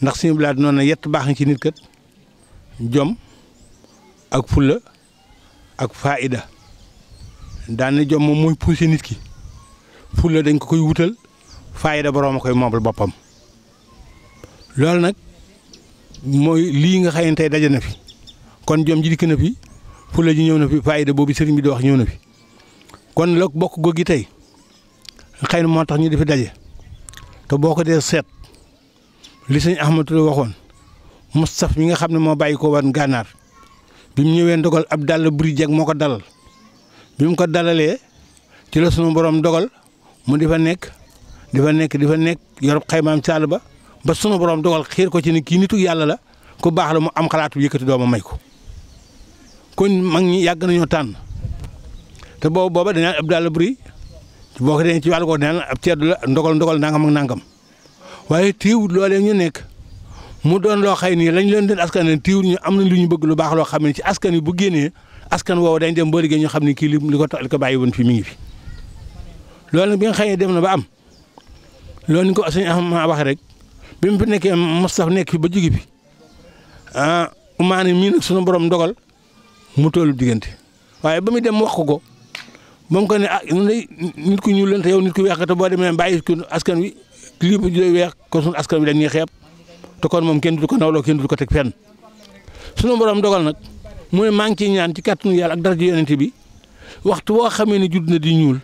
Speaker 8: ndax suñu bilaat noonu na yett baax na ci nit kat jom ak fulla ak faayida daan na jom moom mooy pousser nit ki fulla dañ ko koy wutal faayida boroom a koy moobal boppam loolu nag mooy lii nga xëy na tey daje na fi kon jom ji dikk na fi fulla ji ñëw na fi faayida boobu sëriñ bi di wax ñëw na fi kon la bokk googu tey xëy na moo tax ñu di fi daje te boo ko dee seet li sëñ Ahmadou waxoon saf mi nga xam ne moo bàyyi ko woon gànnaar bi mu ñëwee ndogal ab dàll buri jeeg moo ko dalal bi mu ko dalalee ci la suma borom dogal mu di fa nekk di fa nekk di xay nekk yorob xaymaam caal ba ba suma borom dogal xiir ko ci ne kii nitu yàlla la ku baax la mu am xalaatu yëkkati dooma may ko kon mag ñi yàgg nañoo tànn te boobu booba dañaan ab dàll buri boo ko dee ci wàllu ko nee na ab ceddu la ndogal ndogal nangam ak nangam waaye téewut loolee ñu nekk mu doon loo xëy nii lañ leen doon askan wi téewut ñu am nañ lu ñu bëgg lu baax loo xam ne ci askan wi bu génnee askan woowu dañ dem ba liggéey ñu xam ne kii li ko li ko bàyyi woon fi mi ngi fi. loolu nag bi nga xëy ne dem na ba am loolu ñu ko suñu ma waxee rek bi mu fi nekkee Moustapha nekk fi ba jóge fi ah maanaam mii sunu suñu borom ndogal mu tollu diggante waaye ba muy dem wax ko moom ko ne ah ñun de nit ku ñuul leen te yow nit ku weex nga te boo demee bàyyi askan wi lii bu jëlee kon suñu askan wi dañuy xeeb te kon moom kenn du ko nawloo kenn du ko teg fen sunu borom dogal nag mooy maa ki ñaan ci kàttanu yàlla ak dara ji yonent bi waxtu boo xamee ne judd na di ñuul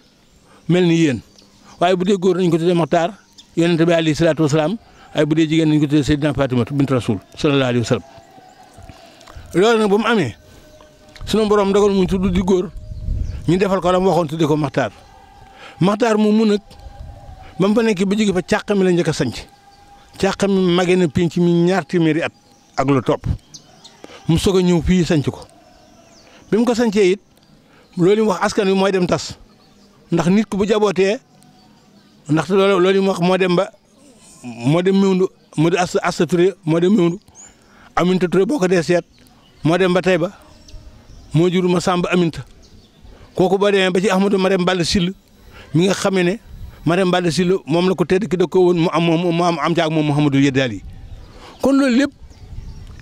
Speaker 8: mel ni yéen waaye bu dee góor nañ ko tuddee Maxtaar yonent bi alayhi salaatu salaam ay bu dee jigéen nañ ko tuddee Seydina Fatimatu bint Rasul sallallahu alayhi wa sallam loolu nag bu mu amee sunu borom dogal mu tudd di góor ñu defal ko la mu waxoon tudde ko Maxtaar Maxtaar moom mu nag ba mu fa nekk ba jóge fa càq mi la njëkk a sanc càq mi mage na penc mi ñaar téeméeri at ak lu topp mu soog a ñëw fii sanc ko bi mu ko sancee it loolu mu wax askan wi mooy dem tas ndax nit ku bu jabootee ndax loolu loolu mu wax moo dem ba moo dem Mewndu moo di Asta Asta Touré moo dem Mewndu Aminta boo ko dee seet moo dem ba tey ba moo jur ma Samba Aminta kooku ba demee ba ci Ahmadou Marème Balla Syll mi nga xamee ne Marème Balla Syll moom la ko tedd ki da ko woon mu am mu am am caag moom Mouhamadou Yeddaali kon loolu lépp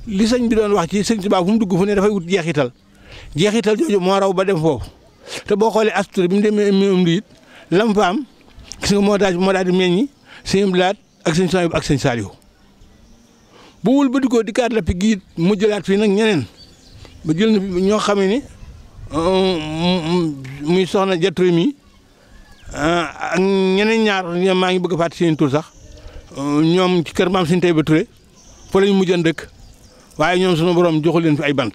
Speaker 8: li sëñ bi doon wax ci sëñ Tuubaa fu mu dugg fu ne dafay wut jeexital jeexital jooju moo raw ba dem foofu te boo xoolee astur bi mu demee mu it lam fa am gis nga moo daal moo daal di meññi sëñ Blaat ak sëñ Soyibu ak sëñ Saaliw bu wul ba di ko dikkaat la fi mu jëlaat fii nag ñeneen ba jël na ñoo xamee ni Euh, muy soxna Jatru mi euh, ak ñeneen ñaar maa ngi bëgg a fàtte seen tur sax euh, ñoom ci kër maam ngi tey ba Touré fa la ñu mujjee dëkk waaye ñoom sunu borom joxu leen fi ay bant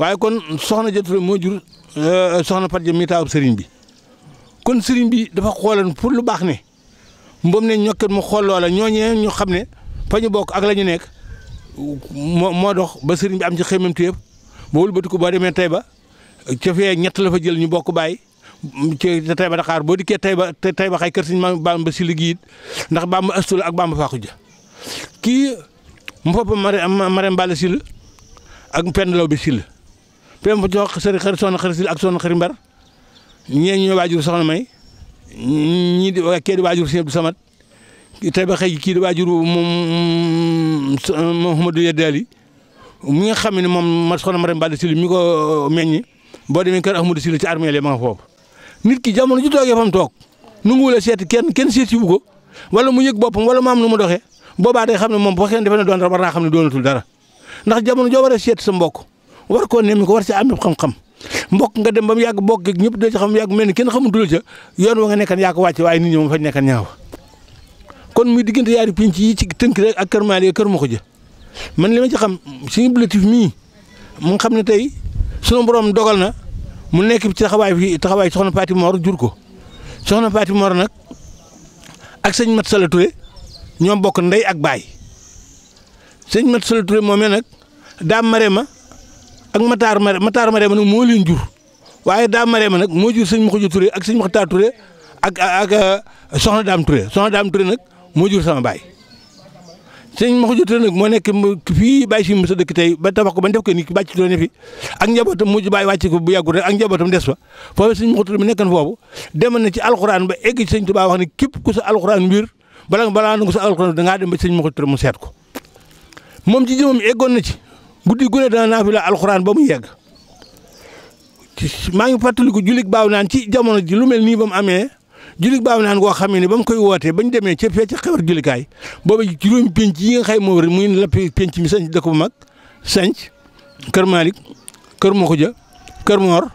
Speaker 8: waaye kon soxna Jatru moo jur soxna Fatou Diop mi sëriñ bi kon sëriñ bi dafa xoolan pour lu baax ne mbom ne ñokkat mu xool loola ñooñee ñu xam ne fa ñu bokk ak la ñu nekk moo moo dox ba sëriñ bi am ci xëymam téyëf ba wëlbatiku boo demee tey ba ca ñett la fa jël ñu bokk bàyyi ci Taïba Dakar boo dikkee tey Taïba xay kër Sëñ Bamba si liggéey ndax Bamba Astou la ak Bamba Faxu Ja kii mu fopp Marème Mbale Sylla ak sil ak Sylla pem fa jox sëriñ xëri soxna ak soxna xëri Mbar ñee ñooy waajur soxna May ñii di kee di waajur Sëñ Abdou Samad Taïba xay kii di waajur moom Mouhamadou Yeddaali mi nga xam ne moom ma soxna Marème Mbale Sylla mi ko meññi boo demee kër a Sylla ci armée la ma nga nit ki jamono ju toogee fa mu toog nanguwul a seeti kenn kenn seet si wu ko wala mu yëg boppam wala mu am nu mu doxee boobaa day xam ne moom boo xeen defe ne doon dara war naa xam ne doonatul dara ndax jamono joo war a seet sa mbokk war koo ko war si am xam-xam nga dem ba mu yàgg bokk ak ñëpp doo ci xam mu yàgg mel ni kenn xamutul ca yoon wa nga nekkan yaa ko wàcc waaye nit ñi moom fañ kon muy diggante yaari pinc yi ci tënk rek ak kër Maali kër ma ko jë man li ma ci xam suñu objectif mii mu nga xam ne tey sunu boroom dogal na mu nekk ci taxawaay bi taxawaay soxna Faty Mor jur ko soxna Faty Mor nag ak sëñ Mat Sala Touré ñoo bokk ndey ak baay sëñ Mat Sala Touré moomee nag daam Marema ak Matar Marema Matar Marema nag moo leen jur waaye daam Marema nag moo jur sëñ Mokhadou Touré ak sëñ Mokhtar Touré ak ak soxna daam Touré soxna daam Touré nag moo jur sama baay. sëñ Makhoudia Touré nag moo nekk fii bàyyi si mu sa ba tabax ko ba def ko ni bàyyi ci ne fi ak njabootam mu bàyyi wàcc ko bu yàggul rek ak njabootam des fa foofu sëñ Makhoudia Touré mu nekkoon foofu demoon na ci alxuraan ba egg ci balaa nga sa da ngaa dem ba sëñ Makhoudia Touré mu seet ko moom ci jëmam eggoon na ci guddi gu ne naa naafila alxuraan ba mu yegg maa ngi fàttaliku jullit baaw naan ci jamono ji lu mel nii ba mu amee jullit baaw naan koo xamee ne ba mu koy wootee bañ demee ce fee ca xewar jullikaay booba juróomi penc yi nga xay moo wër muy la penc mi sanc dëkk bu mag sanc kër Malick kër Moxuja kër Mor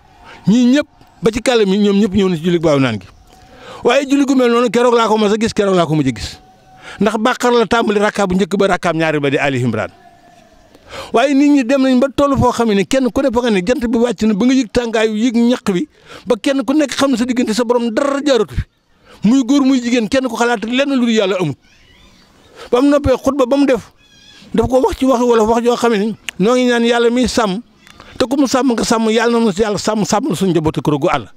Speaker 8: ñii ñëpp ba ci kàlla mi ñoom ñëpp ñëw na ci jullit baaw naan gi waaye jullit gu mel noonu keroog laa ko mos a gis keroog laa ko mujj a gis ndax bàqar la tàmbali rakkaab bu njëkk ba rakkaab ñaari ba di Ali Imran waaye nit ñi dem nañ ba toll foo xamee ne kenn ku ne foog ne jant bi wàcc na ba nga yëg tàngaayu yëg ñaq bi ba kenn ku nekk xam na sa diggante sa borom dara jaaratu muy góor muy jigéen kenn ku xalaat lenn lu yàlla amul. ba mu noppee xutba ba mu def daf ko wax ci wax wolof wax joo xam ne noo ngi ñaan yàlla miy sàmm te ku mu sàmm nga sàmm yàlla na mu si yàlla sàmm sàmm suñu njabootu kër gu àll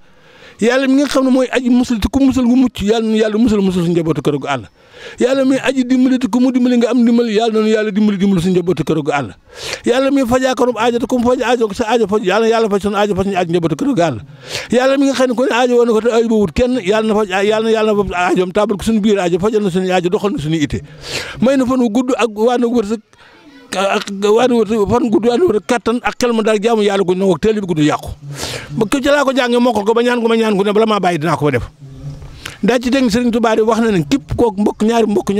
Speaker 8: yàlla mi nga xam ne mooy aji musal te ku musal gu mucc yàlla na yàlla musal musal su njabootu kër gu àll yàlla mi aji dimbali te ku mu nga am dimbali noonu yàlla dimbali dimbali su njabootu kër gu àll yàlla fajaa korob aajo te ku mu faj aajo nga xam ne ku ne aajo woon na ko te aajo ba wut kenn yàlla na faj yàlla na yàlla na faj aajoom tabal ko suñu biir ite may na gudd ak waa ak fan gudd ànd wala kattan ak xel ma daal jaamu yàlla gu nangoo teel bi gudd yàqu. ba kii ci laa ko jàngee mokkal ko ba ñaan ko ba ñaan ko ne bala maa bàyyi dinaa ko ba def. daa ci dégg Serigne Touba di wax na ne képp kooku mbokk ñaari mbokk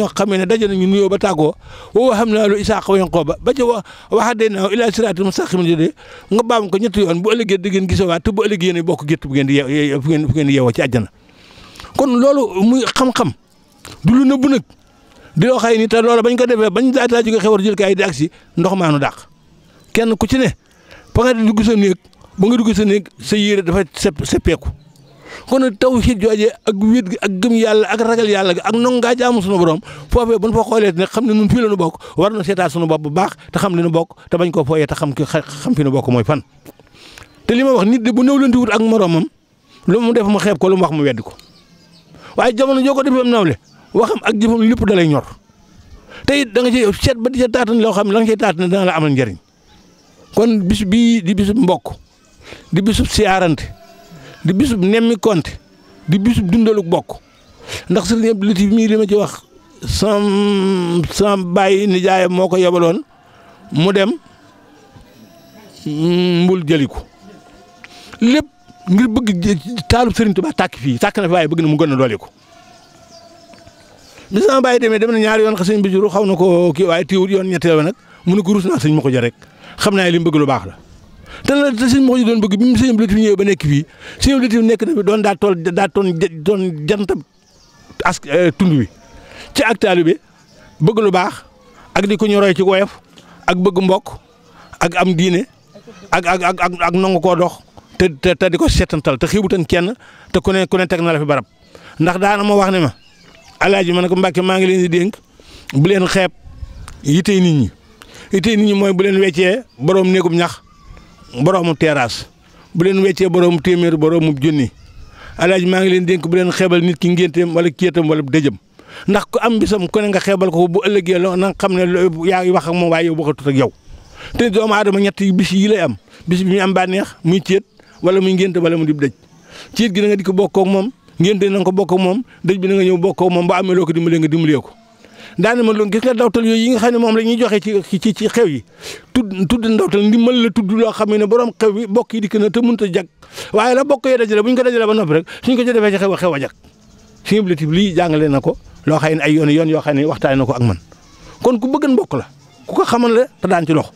Speaker 8: ñoo bu ëllëgee di ngeen gisowaat bu ëllëgee yéen bokk kon loolu muy xam-xam du lu nëbbu di loo xay ni te loola bañ ko defee bañ daataa jóge xewar jël kaay di agsi ndox maanu dàq kenn ku ci ne ba nga dugg sa néeg dugg sa néeg sa yére dafa sepp seppeeku kon nag taw si jooje ak wéet gi ak gëm yàlla ak ragal yàlla ak nong ngaa jaamu sunu borom foofee bu ñu fa xoolee ne xam ne ñun fii bokk war na seetaat sunu bopp bu baax te xam li nu bokk te bañ koo fooyee te xam xam fi nu bokk mooy fan. te li ma wax nit de bu nawlante wut ak moroomam lu mu def mu xeeb ko lu mu wax mu weddi ko waaye jamono joo ko defee am nawle waxam ak jëfam lépp dalay ñor te it da nga ci seet loo xam ne la nga cay taatan dana la amal kon bis bii di bisub mbokk di bisub siyaarante di bisub nemmi konte di bisub dundaluk bokk ndax sëriñ Abdou Latif mii li ma ci wax sam sam baay nijaayam moo ko yebaloon mu dem mm, mbul jëliku lépp ngir bëgg taalub sëriñ Tuubaa tàkk fii tàkk na fi waaye bëgg na mu gën na doole ko bi sama bàyyi demee dem na ñaari yoon xa sëñ bi juru xaw na ko kii waaye téewut yoon ñetteel ba nag mu ne ko rus naa sëñ ma ko ja rek xam naa li mu bëgg lu baax la te la te sëñ ma ko doon bëgg bi mu sëñ bi Latif ñëwee ba nekk fii sëñ bi Latif nekk na fi doon daa tool daa toon doon eh, ci ak taalibe bëgg lu baax ak di ko ñu ci woyof ak bëgg mbokk ak am diine ak ak ak ak nangu koo dox te te di ko seetantal te xiibutan kenn te ku ne ku ne na la fi barab ndax daana ma wax ne ma alaaji ma ne ko Mbàkke maa ngi leen di dénk bu leen xeeb yitey nit ñi yitey nit ñi mooy bu leen weccee borom néegum ñax boroomu terrasse bu leen weccee boroomu téeméer mu junni alaaji maa ngi leen dénk bu leen xeebal nit ki ngénteem wala kéetam wala dëjëm ndax ku am bisam ku ne nga xeebal ko bu ëllëgee loo na xam ne yaa ngi wax ak moom waaye yow waxatut ak yow te doomu aadama ñett bis yi lay am bis bi muy am bànneex muy céet wala muy ngénte wala mu di dëj ciit gi da di ko bokk ak ngénte na nga ko bokk moom dëj bi na nga ñëw bokk moom ba amee loo ko dimbalee nga dimbalee ko daane ma lu gis nga ndawtal yooyu yi nga xam ne moom la ñuy joxe ci ci ci xew yi tudd tudd ndawtal ndimbal la tudd loo xam ne borom xew yi bokk yi dikk na te mënut a jag waaye la bokk yee dajale bu ñu ko dajalee ba noppi rek suñ ko ci defee ci xew a xew a jag suñu objectif lii jàngale na ko loo xam ne ay yoon yoon yoo xam ne waxtaanee na ko ak man kon ku bëggan bokk la ku ko xamal la te daan ci lox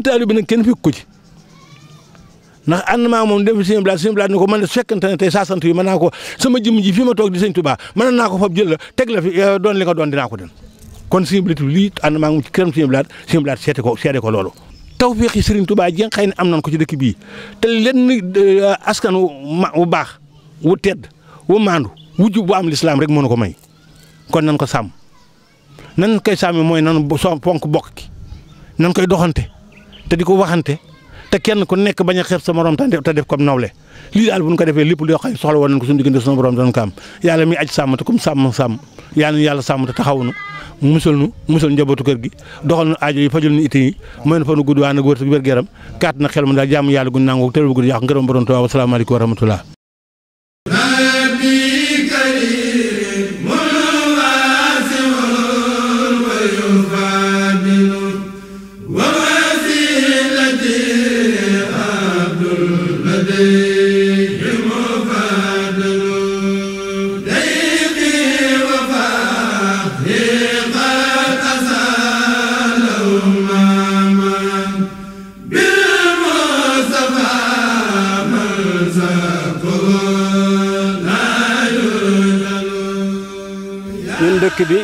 Speaker 8: bi nag kenn fekk ko ci ndax ànd maa moom dem sëñ Blaat sëñ Blaat ni ko man de su fekkante ne tey saa sant yi mën naa ko sama jëmm ji fi ma toog di sëñ Tuubaa mën naa ko fab jël la teg la eh, doon li nga doon dinaa ko den kon sëñ Blaat lii ànd maa moom ci këram sëñ Blaat sëñ Blaat seete ko seete ko loolu tawfeexi sëriñ Tuubaa ji nga xëy ne am nañ ko ci dëkk bii te lenn eh, askan wu baax wu tedd wu maandu wu jub bu am lislaam rek mënu ko may kon nan ko sàmm nan koy sàmm mooy nan ponk bokk ki nan koy doxante te di ko waxante te kenn ku nekk bañ a xeeb sa morom te def comme nawle lii daal bu ñu ko defee lépp loo xam ne soxla woon nañ ko suñu diggante suñu borom doon ko am yàlla mi aj sàmm te comme sàmm sàmm yal na yàlla sàmm te taxawu nu musal nu njabootu kër gi doxal nu aajo yi fajul nu itti yi mën fa nu gudd waa nag wër wér-gu-yaram kaat na xel mu daal jàmm yàlla gu nangu teel bu gudd yàq ngërëm borom Tuubaa wa salaamaaleykum wa rahmatullah
Speaker 9: dëkk bi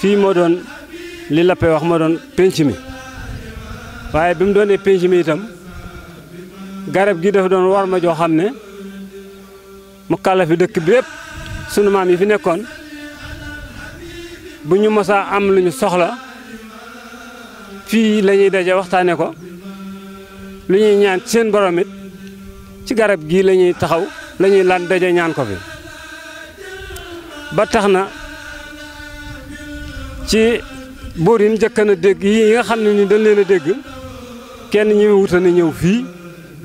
Speaker 9: fii moo doon lii lappe wax moo doon pénc mi waaye bi mu doonee pénc mi itam garab gi dafa doon war ma joo xam ne mu kàlla fi dëkk bi yépp sunu maam yi fi nekkoon bu ñu mosaa am lu ñu soxla fii lañuy ñuy daje waxtaane ko lu ñuy ñaan seen borom ci garab gii la ñuy taxaw lañuy ñuy lan daje ñaan ko fi ba tax na ci buur yi mu njëkkan a dégg yi nga xam ni dañ leen a dégg kenn ñi wuta na ñëw fii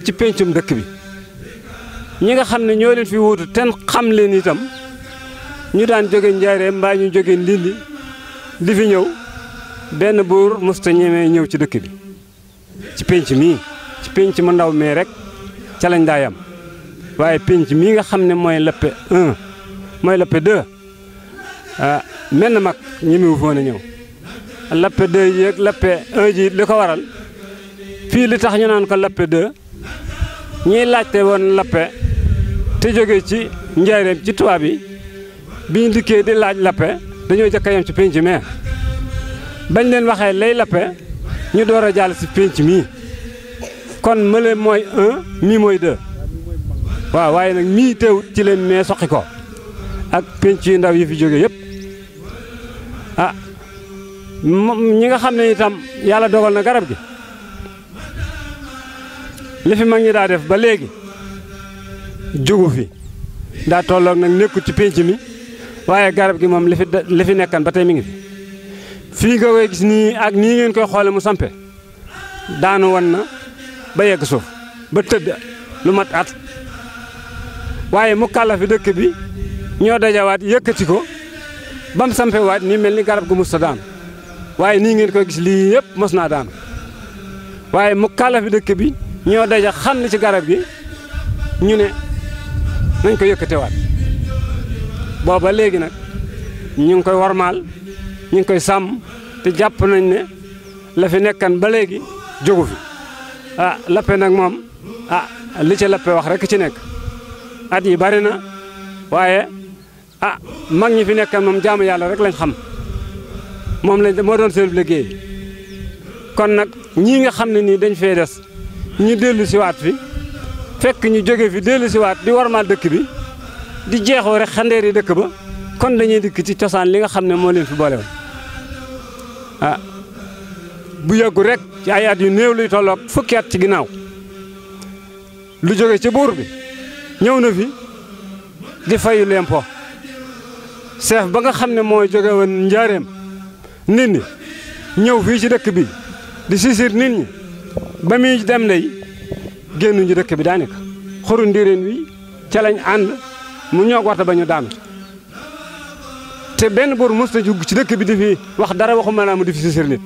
Speaker 9: ci péncum dëkk bi ñi nga xam ne ñoo leen fi wuutu ten xam leen itam ñu daan jóge njaaree mbaa ñu jóge li di fi ñëw benn buur musta ñemee ñëw ci dëkk bi ci pénc mii ci pénc mu ndaw mee rek ca lañ daayam waaye pénc mii nga xam ne mooy lappe un mooy lappe Ah, menn mag ñemewu foon a ñëw lappe 2 ji ak lappe 1 li ko waral fii li tax ñu naan ko lappe dë ñiy laajte woon lappe te jóge ci njaareem ci tubaab yi bi ñu dikkee di laaj lappe dañoo jëkk ci pénc mee bañ leen waxee lay lappe ñu door a jàll si pénc mii kon mële mooy un mii mooy deux waaw waaye nag mii teewut ci leen mee soqi ko ak pénc yu ndaw yi fi jóge yëpp ah ñi nga xam ne itam yàlla dogal na garab gi li fi mag ñi daa def ba léegi jugu fi daa tolloog nag nekkut ci pénc mi waaye garab gi moom li fi li fi nekkan ba tey mi ngi fi fii nga koy gis nii ak nii ngeen koy xoole mu sampe daanu wan na ba yegg suuf ba tëdd lu mat at waaye mu kàlla fi dëkk bi ñoo dajawaat yëkkati ko bam waat nii mel ni garab gu mos a daan waaye nii ngeen koy gis lii yëpp mos naa daan waaye mu kàllafi dëkk bi ñoo daja xam ne ci garab gi ñu ne nañ ko yëkkatewaat booba léegi nag ñu ngi koy warmaal ñu ngi koy sàmm te jàpp nañ ne la fi nekkan ba léegi jógu fi ah lappe nag moom a ah, li ci lappe wax rek ci nekk at yi bari na waaye ah mag ñi fi nekk moom jaamu yàlla rek lañ xam moom lañ moo doon seen liggéey kon nag ñii nga xam ne nii dañ fee des ñu dellu siwaat fi fekk ñu jóge fi dellu siwaat di warmaal dëkk bi di jeexoo rek xandeer dëkk ba kon dañuy dikk ci cosaan li nga xam ne moo leen fi boole ah, bu yëgu rek ci ay at yu néew luy tolloog fukki at ci ginnaaw lu jóge ci buur bi ñëw na fi di fayu lempo chef ba nga xam ne mooy jóge woon njaareem nit ñi ñëw fii ci dëkk bi di sisir nit ñi ba muy dem day génnuñu dëkk bi daanaka xuru ndiireen wi ca lañ ànd mu ñoog warta ba ñu daanu te benn buur mos na jug ci dëkk bi di fi wax dara waxu maanaam mu di fi sisir nit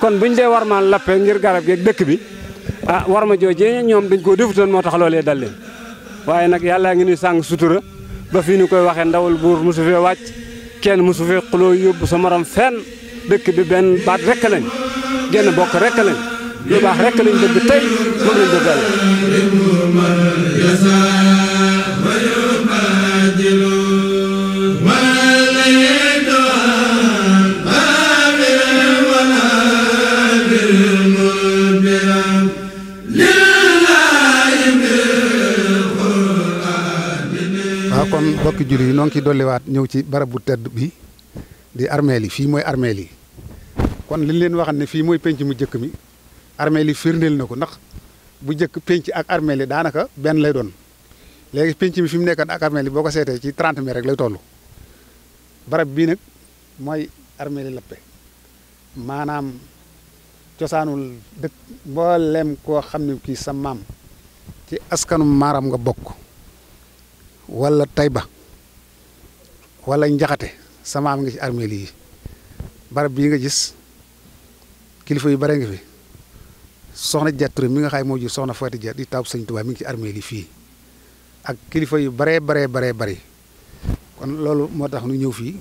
Speaker 9: kon buñ dee war maan lappe ngir garab geeg dëkk bi ah war ma joojee ñoom dañ koo defutoon moo tax loolee dal leen waaye nag yàllaa ngi nuy sàng sutura ba fii ñu koy waxee ndawal buur mosu fee wàcc kenn musu fee xuloo yóbbu sa morom fenn dëkk bi benn baat rekk lañ genn bokk rek lañ lu baax rek lañ dëgg tey moom lañ
Speaker 3: dëggal
Speaker 5: bokki jur yi noo ngi ciy dolliwaat ñëw ci barab bu tedd bi di armeel yi fii mooy armeel yi kon liñ leen waxan ne fii mooy penc mu jëkk mi armeel yi firndeel na ko ndax bu jëkk penc ak armeel yi daanaka benn lay doon léegi penc mi fi mu nekkat ak armeel yi boo ko seetee ci 30 mi rek lay tollu barab bii nag mooy armeel yi lappe maanaam cosaanul dëkk mboolem koo xam ni kii sa maam ci askanu maaram nga bokk wala Tayba wala Njaxate sama am nga ci armeel yi barab bii nga gis kilifa yu bare nga fi soxna Dia Touré mi nga xay moo jur soxna Fatou Dia yi taabu Sëñ Tuubaa mi ngi ci armeel yi fii ak kilifa yu baree baree baree bari kon loolu moo tax nu ñëw fii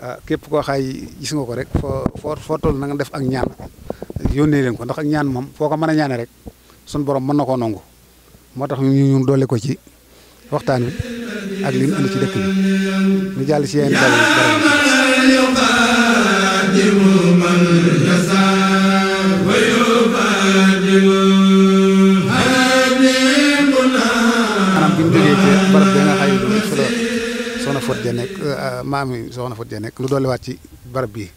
Speaker 5: ah, képp koo xaay gis nga ko rek foo foo foo toll na nga def ak ñaan yónnee leen ko ndax ak ñaan moom foo ko mën a ñaane rek sun borom mën na koo nangu moo tax ñu ñu doole ko ci. waxtaan wi ak li mu indi ci dëkk bi ñu jàll ci yeneen barab fot ja nekk euh, euh, maam yi soxna fot ja nekk lu dolliwaat ci barab bii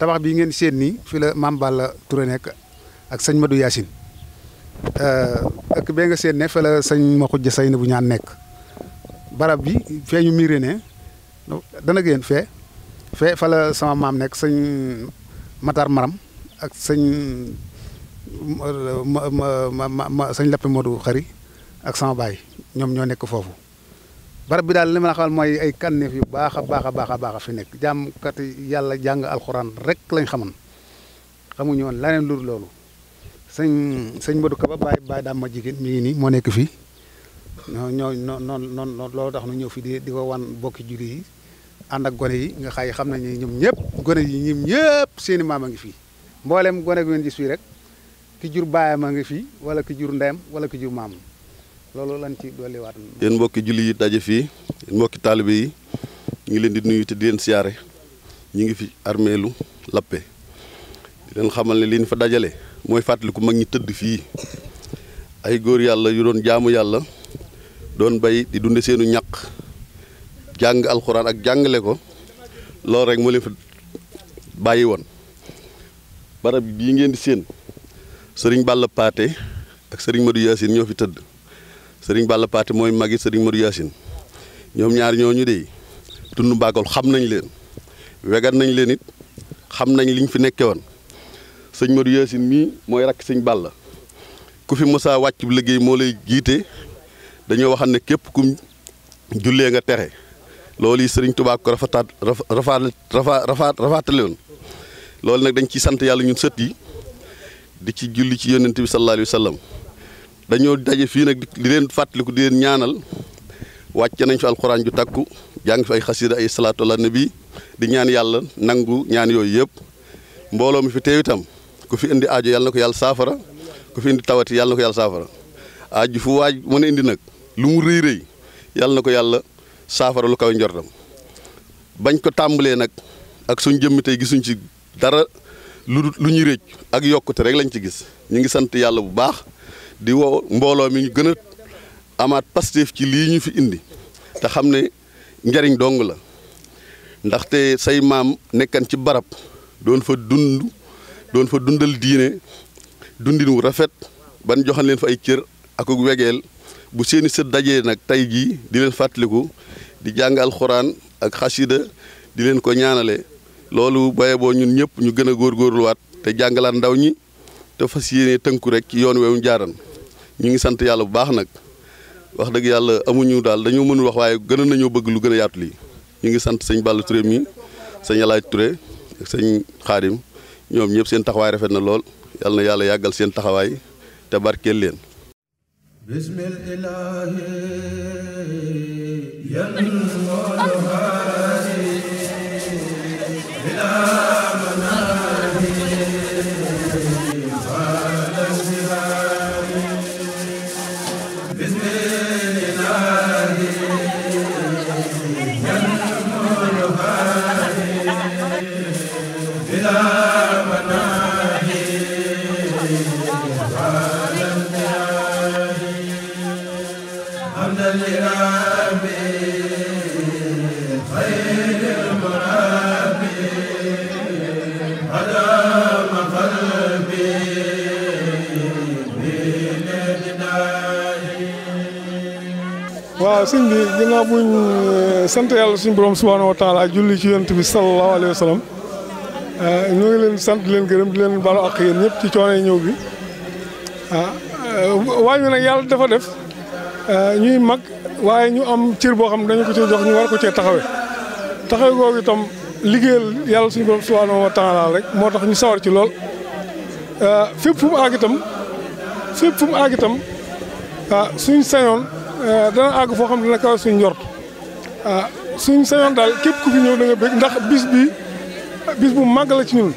Speaker 5: tabax bii ngeen séen nii fii la maam Balla Touré nekk ak sëñ Madou Yacine ak euh, bee nga séen ne fa la sëñ Maxuj ja say bu ñaan nekk barab bi fee ñu miiree ne dana gën fee fee fa la sama maam nekk sëñ Matar Maram ak sëñ ma ma ma sëñ Lappe Modou Xari ak sama baay ñoom ñoo nekk foofu barab bi daal li ma la xamal mooy ay kànneef yu baax a baax a baax a baax a fi nekk jàmmkat yàlla jàng alxuraan rek lañ xamoon xamuñu woon leneen lu dul loolu sëñ sëñ Modou Kaba baay baay daam ma jigéen mi nii moo nekk fii. ñoo ñoo noonu noonu loolu tax nu ñëw fii di di ko wan bokki julli yi ànd ak gone yi nga xay xam nañ ne ñoom ñëpp gone yi ñoom ñëpp seeni maam a ngi fii mbooleem gone gu ngeen gis fii rek ki jur baayam a ngi fii wala ki jur ndeyam wala ki jur maam loolu lan ci dolliwaat.
Speaker 10: yéen mbokki julli yi daje fii yéen mbokki taalibe yi ñu ngi leen di nuyu te di leen siyaare ñu ngi fi armeelu Lappé di leen xamal ne li fa dajale mooy fàttaliku mag ñi tëdd fii ay góor yàlla yu doon jaamu yàlla. doon bay di dunde seenu ñaq jàng alxuraan ak jàngale ko loolu rek moo leen fa bàyyi woon barab bii ngeen di seen sëriñ bàll Paate ak sëriñ Modou Yacine ñoo fi tëdd sëriñ Balla mooy magi sëriñ Modou ñoom ñaar ñooñu de tund mbaakol xam nañ leen wegat nañ leen it xam nañ liñ fi nekke woon sëñ Modou Yacine mii mooy rakk sëñ Balla ku fi mosaa wàcc liggéey moo lay jiite dañoo waxal ne képp kum jullee nga tere loolu yi sëriñ Tuubaa ko rafetaat rafa rafa rafaatale woon nag dañ ciy sant yàlla ñun sët yi di ci julli ci yónnent bi sallallahu alayhi wa dañoo daje fii nag di leen fàttaliku di leen ñaanal wàcce nañ fi alxuraan ju takku jàng fi ay xasida ay salaatu ala di ñaan yàlla nangu ñaan yooyu yëpp mbooloo mi fi teew itam ku fi indi aajo yàlla na ko yàlla saafara ku fi indi tawati yàlla na ko yàlla saafara aaju fu waaj mën indi nag lu mu rëy rëy yàlla na ko yàlla saafara lu kaw njortam bañ ko tàmbalee nag ak suñ jëmmi tey gisuñ ci dara lu lu ñu rëcc ak yokkute rek lañ ci gis ñu ngi sant yàlla bu baax di woo mbooloo mi ñu gën a amaat Pastef ci lii ñu fi indi te xam ne njariñ dong la ndaxte say maam nekkan ci barab doon fa dund doon fa dundal diine dundin wu rafet ban joxan leen fa ay cër ak wegeel bu seeni sët dajee nag tey jii di leen fàttaliku di jàng alxuraan ak xasida di leen ko ñaanale loolu baye boo ñun ñëpp ñu gën a góorluwaat te jàngalaat ndaw ñi te fas yéene tënku rek ci yoon wewu jaaran ñu ngi sant yàlla bu baax nag wax dëgg yàlla amuñu daal dañoo mënul wax waaye gën nañoo bëgg lu gën yaatu lii ñu ngi sant sëñ Balla Touré mi sañ Alaaj Touré ak sëñ Xaadim ñoom ñëpp seen taxawaay rafet na lool yàlla na yàlla yàggal seen taxawaay te barkeel leen
Speaker 6: بسم الإله
Speaker 3: ينمو الهادي
Speaker 7: waaw sëñ bi ginnaaw buñ eh, sant yàlla suñu borom subhaanahu wa taala julli ci yonent bi sallallahu alayhi wa sallam eh, ñu ngi leen sant leen gërëm di leen baalu ak yéen ñëpp ci coono ñëw bi ah eh, waañ wi nag yàlla dafa def ñuy mag waaye ñu am cër boo xam dañu ko ci jox ñu war ko cee taxawe taxawe googu itam liggéeyal yàlla suñu borom subhaanahu wa taala rek moo tax ñu sawar ci lool fépp fu mu àgg itam fépp fu mu àgg itam ah, suñ sañoon Euh, dana àgg foo xam ne dina kaw suñ njort ah euh, suñ sañoon daal képp ku ñëw da nga ndax bis bi bis bu màgg la ci ñun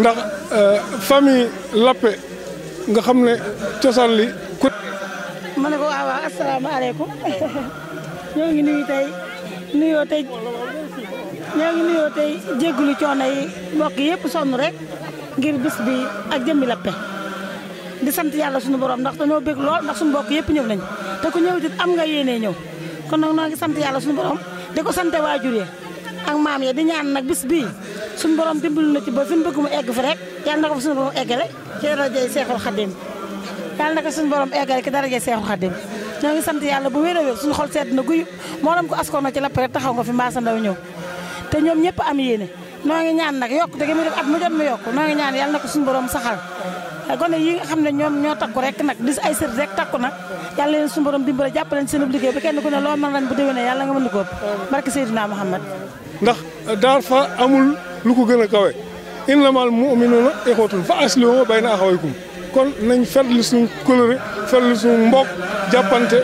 Speaker 7: ndax euh, famille Lappé nga xam ne cosaan
Speaker 11: li ku ma ne ko waaw waaw asalaamaaleykum ñoo ngi nuyu tey nuyoo tey ñoo ngi nuyoo tey jéggulu coono yi mbokk yëpp sonn rek ngir bis bi ak jëmmi Lappé di sant yàlla suñu borom ndax dañoo bég lool ndax suñu mbokk yëpp ñëw nañ te ku ñëw it am nga yéenee ñëw kon nag noo ngi sant yàlla suñu borom di ko sante waajur yi ak maam ya di ñaan nag bis bii suñu borom dimbali na ci ba suñu bëgg mu egg fi rek yàlla na ko fa suñu borom eggale ci darajey seexul xaddim yàlla na ko suñu borom eggale ci darajey seexul xaddim ñoo ngi sant yàlla bu wér a wér suñu xol sedd na guyu moo dam ko askoon na ci lépp rek taxaw nga fi mbaasa ndaw ñëw te ñoom ñëpp am yéene noo ngi ñaan nag yokk te gi yokk noo ngi ñaan yàlla na ko suñu borom Ah, gone yi nga xam ne ñoom ñoo takku rek nag dis ay sër rek takku nag yàlla leen suñu borom dimbale jàppaleen seen liggéey bi kenn ku ne loo mën ren bu déwénee yàlla nga mën ko barke Seydina Muhammad ndax daar fa amul lu ko gën a kawe
Speaker 7: innamal mu'minuuna ixwatun fa aslihu a axawaykum kon nañ fetli suñu kóllëre fetli suñu mbok jàppante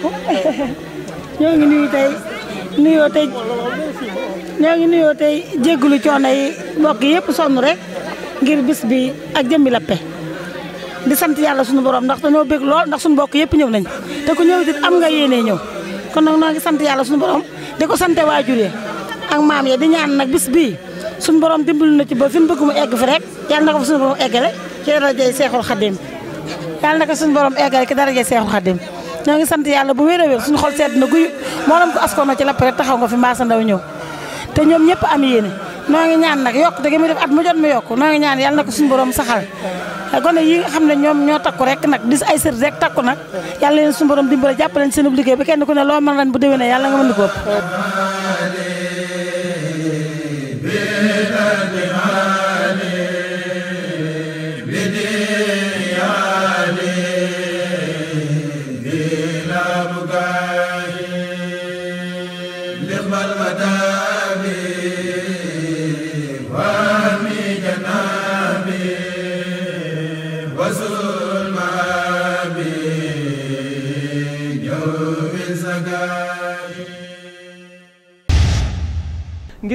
Speaker 6: fayeeku
Speaker 11: ñoo ngi nuyu tey nuyoo tey ñoo ngi nuyoo tey jéggulu coono yi mbokk yëpp sonn rek ngir bis bi ak jëmmi Lappé di sant yàlla suñu borom ndax dañoo bég lool ndax suñu mbokk yëpp ñëw nañ te ku ñëw am nga yéenee ñëw kon nag noo ngi sant yàlla suñu borom di ko sante waajur yi ak maam ya di ñaan nag bis bii suñu borom dimbalu na ci ba fi mu bëgg egg fi rek yàlla na ko fa suñu borom eggale ci darajay Seexul Xaddim yàlla na ko suñu borom eggale ci darajay Seexul Xaddim ñoo ngi sant yàlla bu wér a wér suñu xol sedd na guyu moo nam ko askono ci la pare taxaw nga fi mbaasa ndaw ñëw te ñoom ñëpp am yéene noo ngi ñaan nag yokk te gi muy def at mu jot mu yokk noo ngi ñaan yàlla na ko suñu borom saxal gone yi xam ne ñoom ñoo takku rek nag dis ay sër rek takku nag yàlla leen suñu borom dimbale jàppale seen liggéey ba kenn ku ne loo mën ren bu déwénee yàlla nga mën di ko ëpp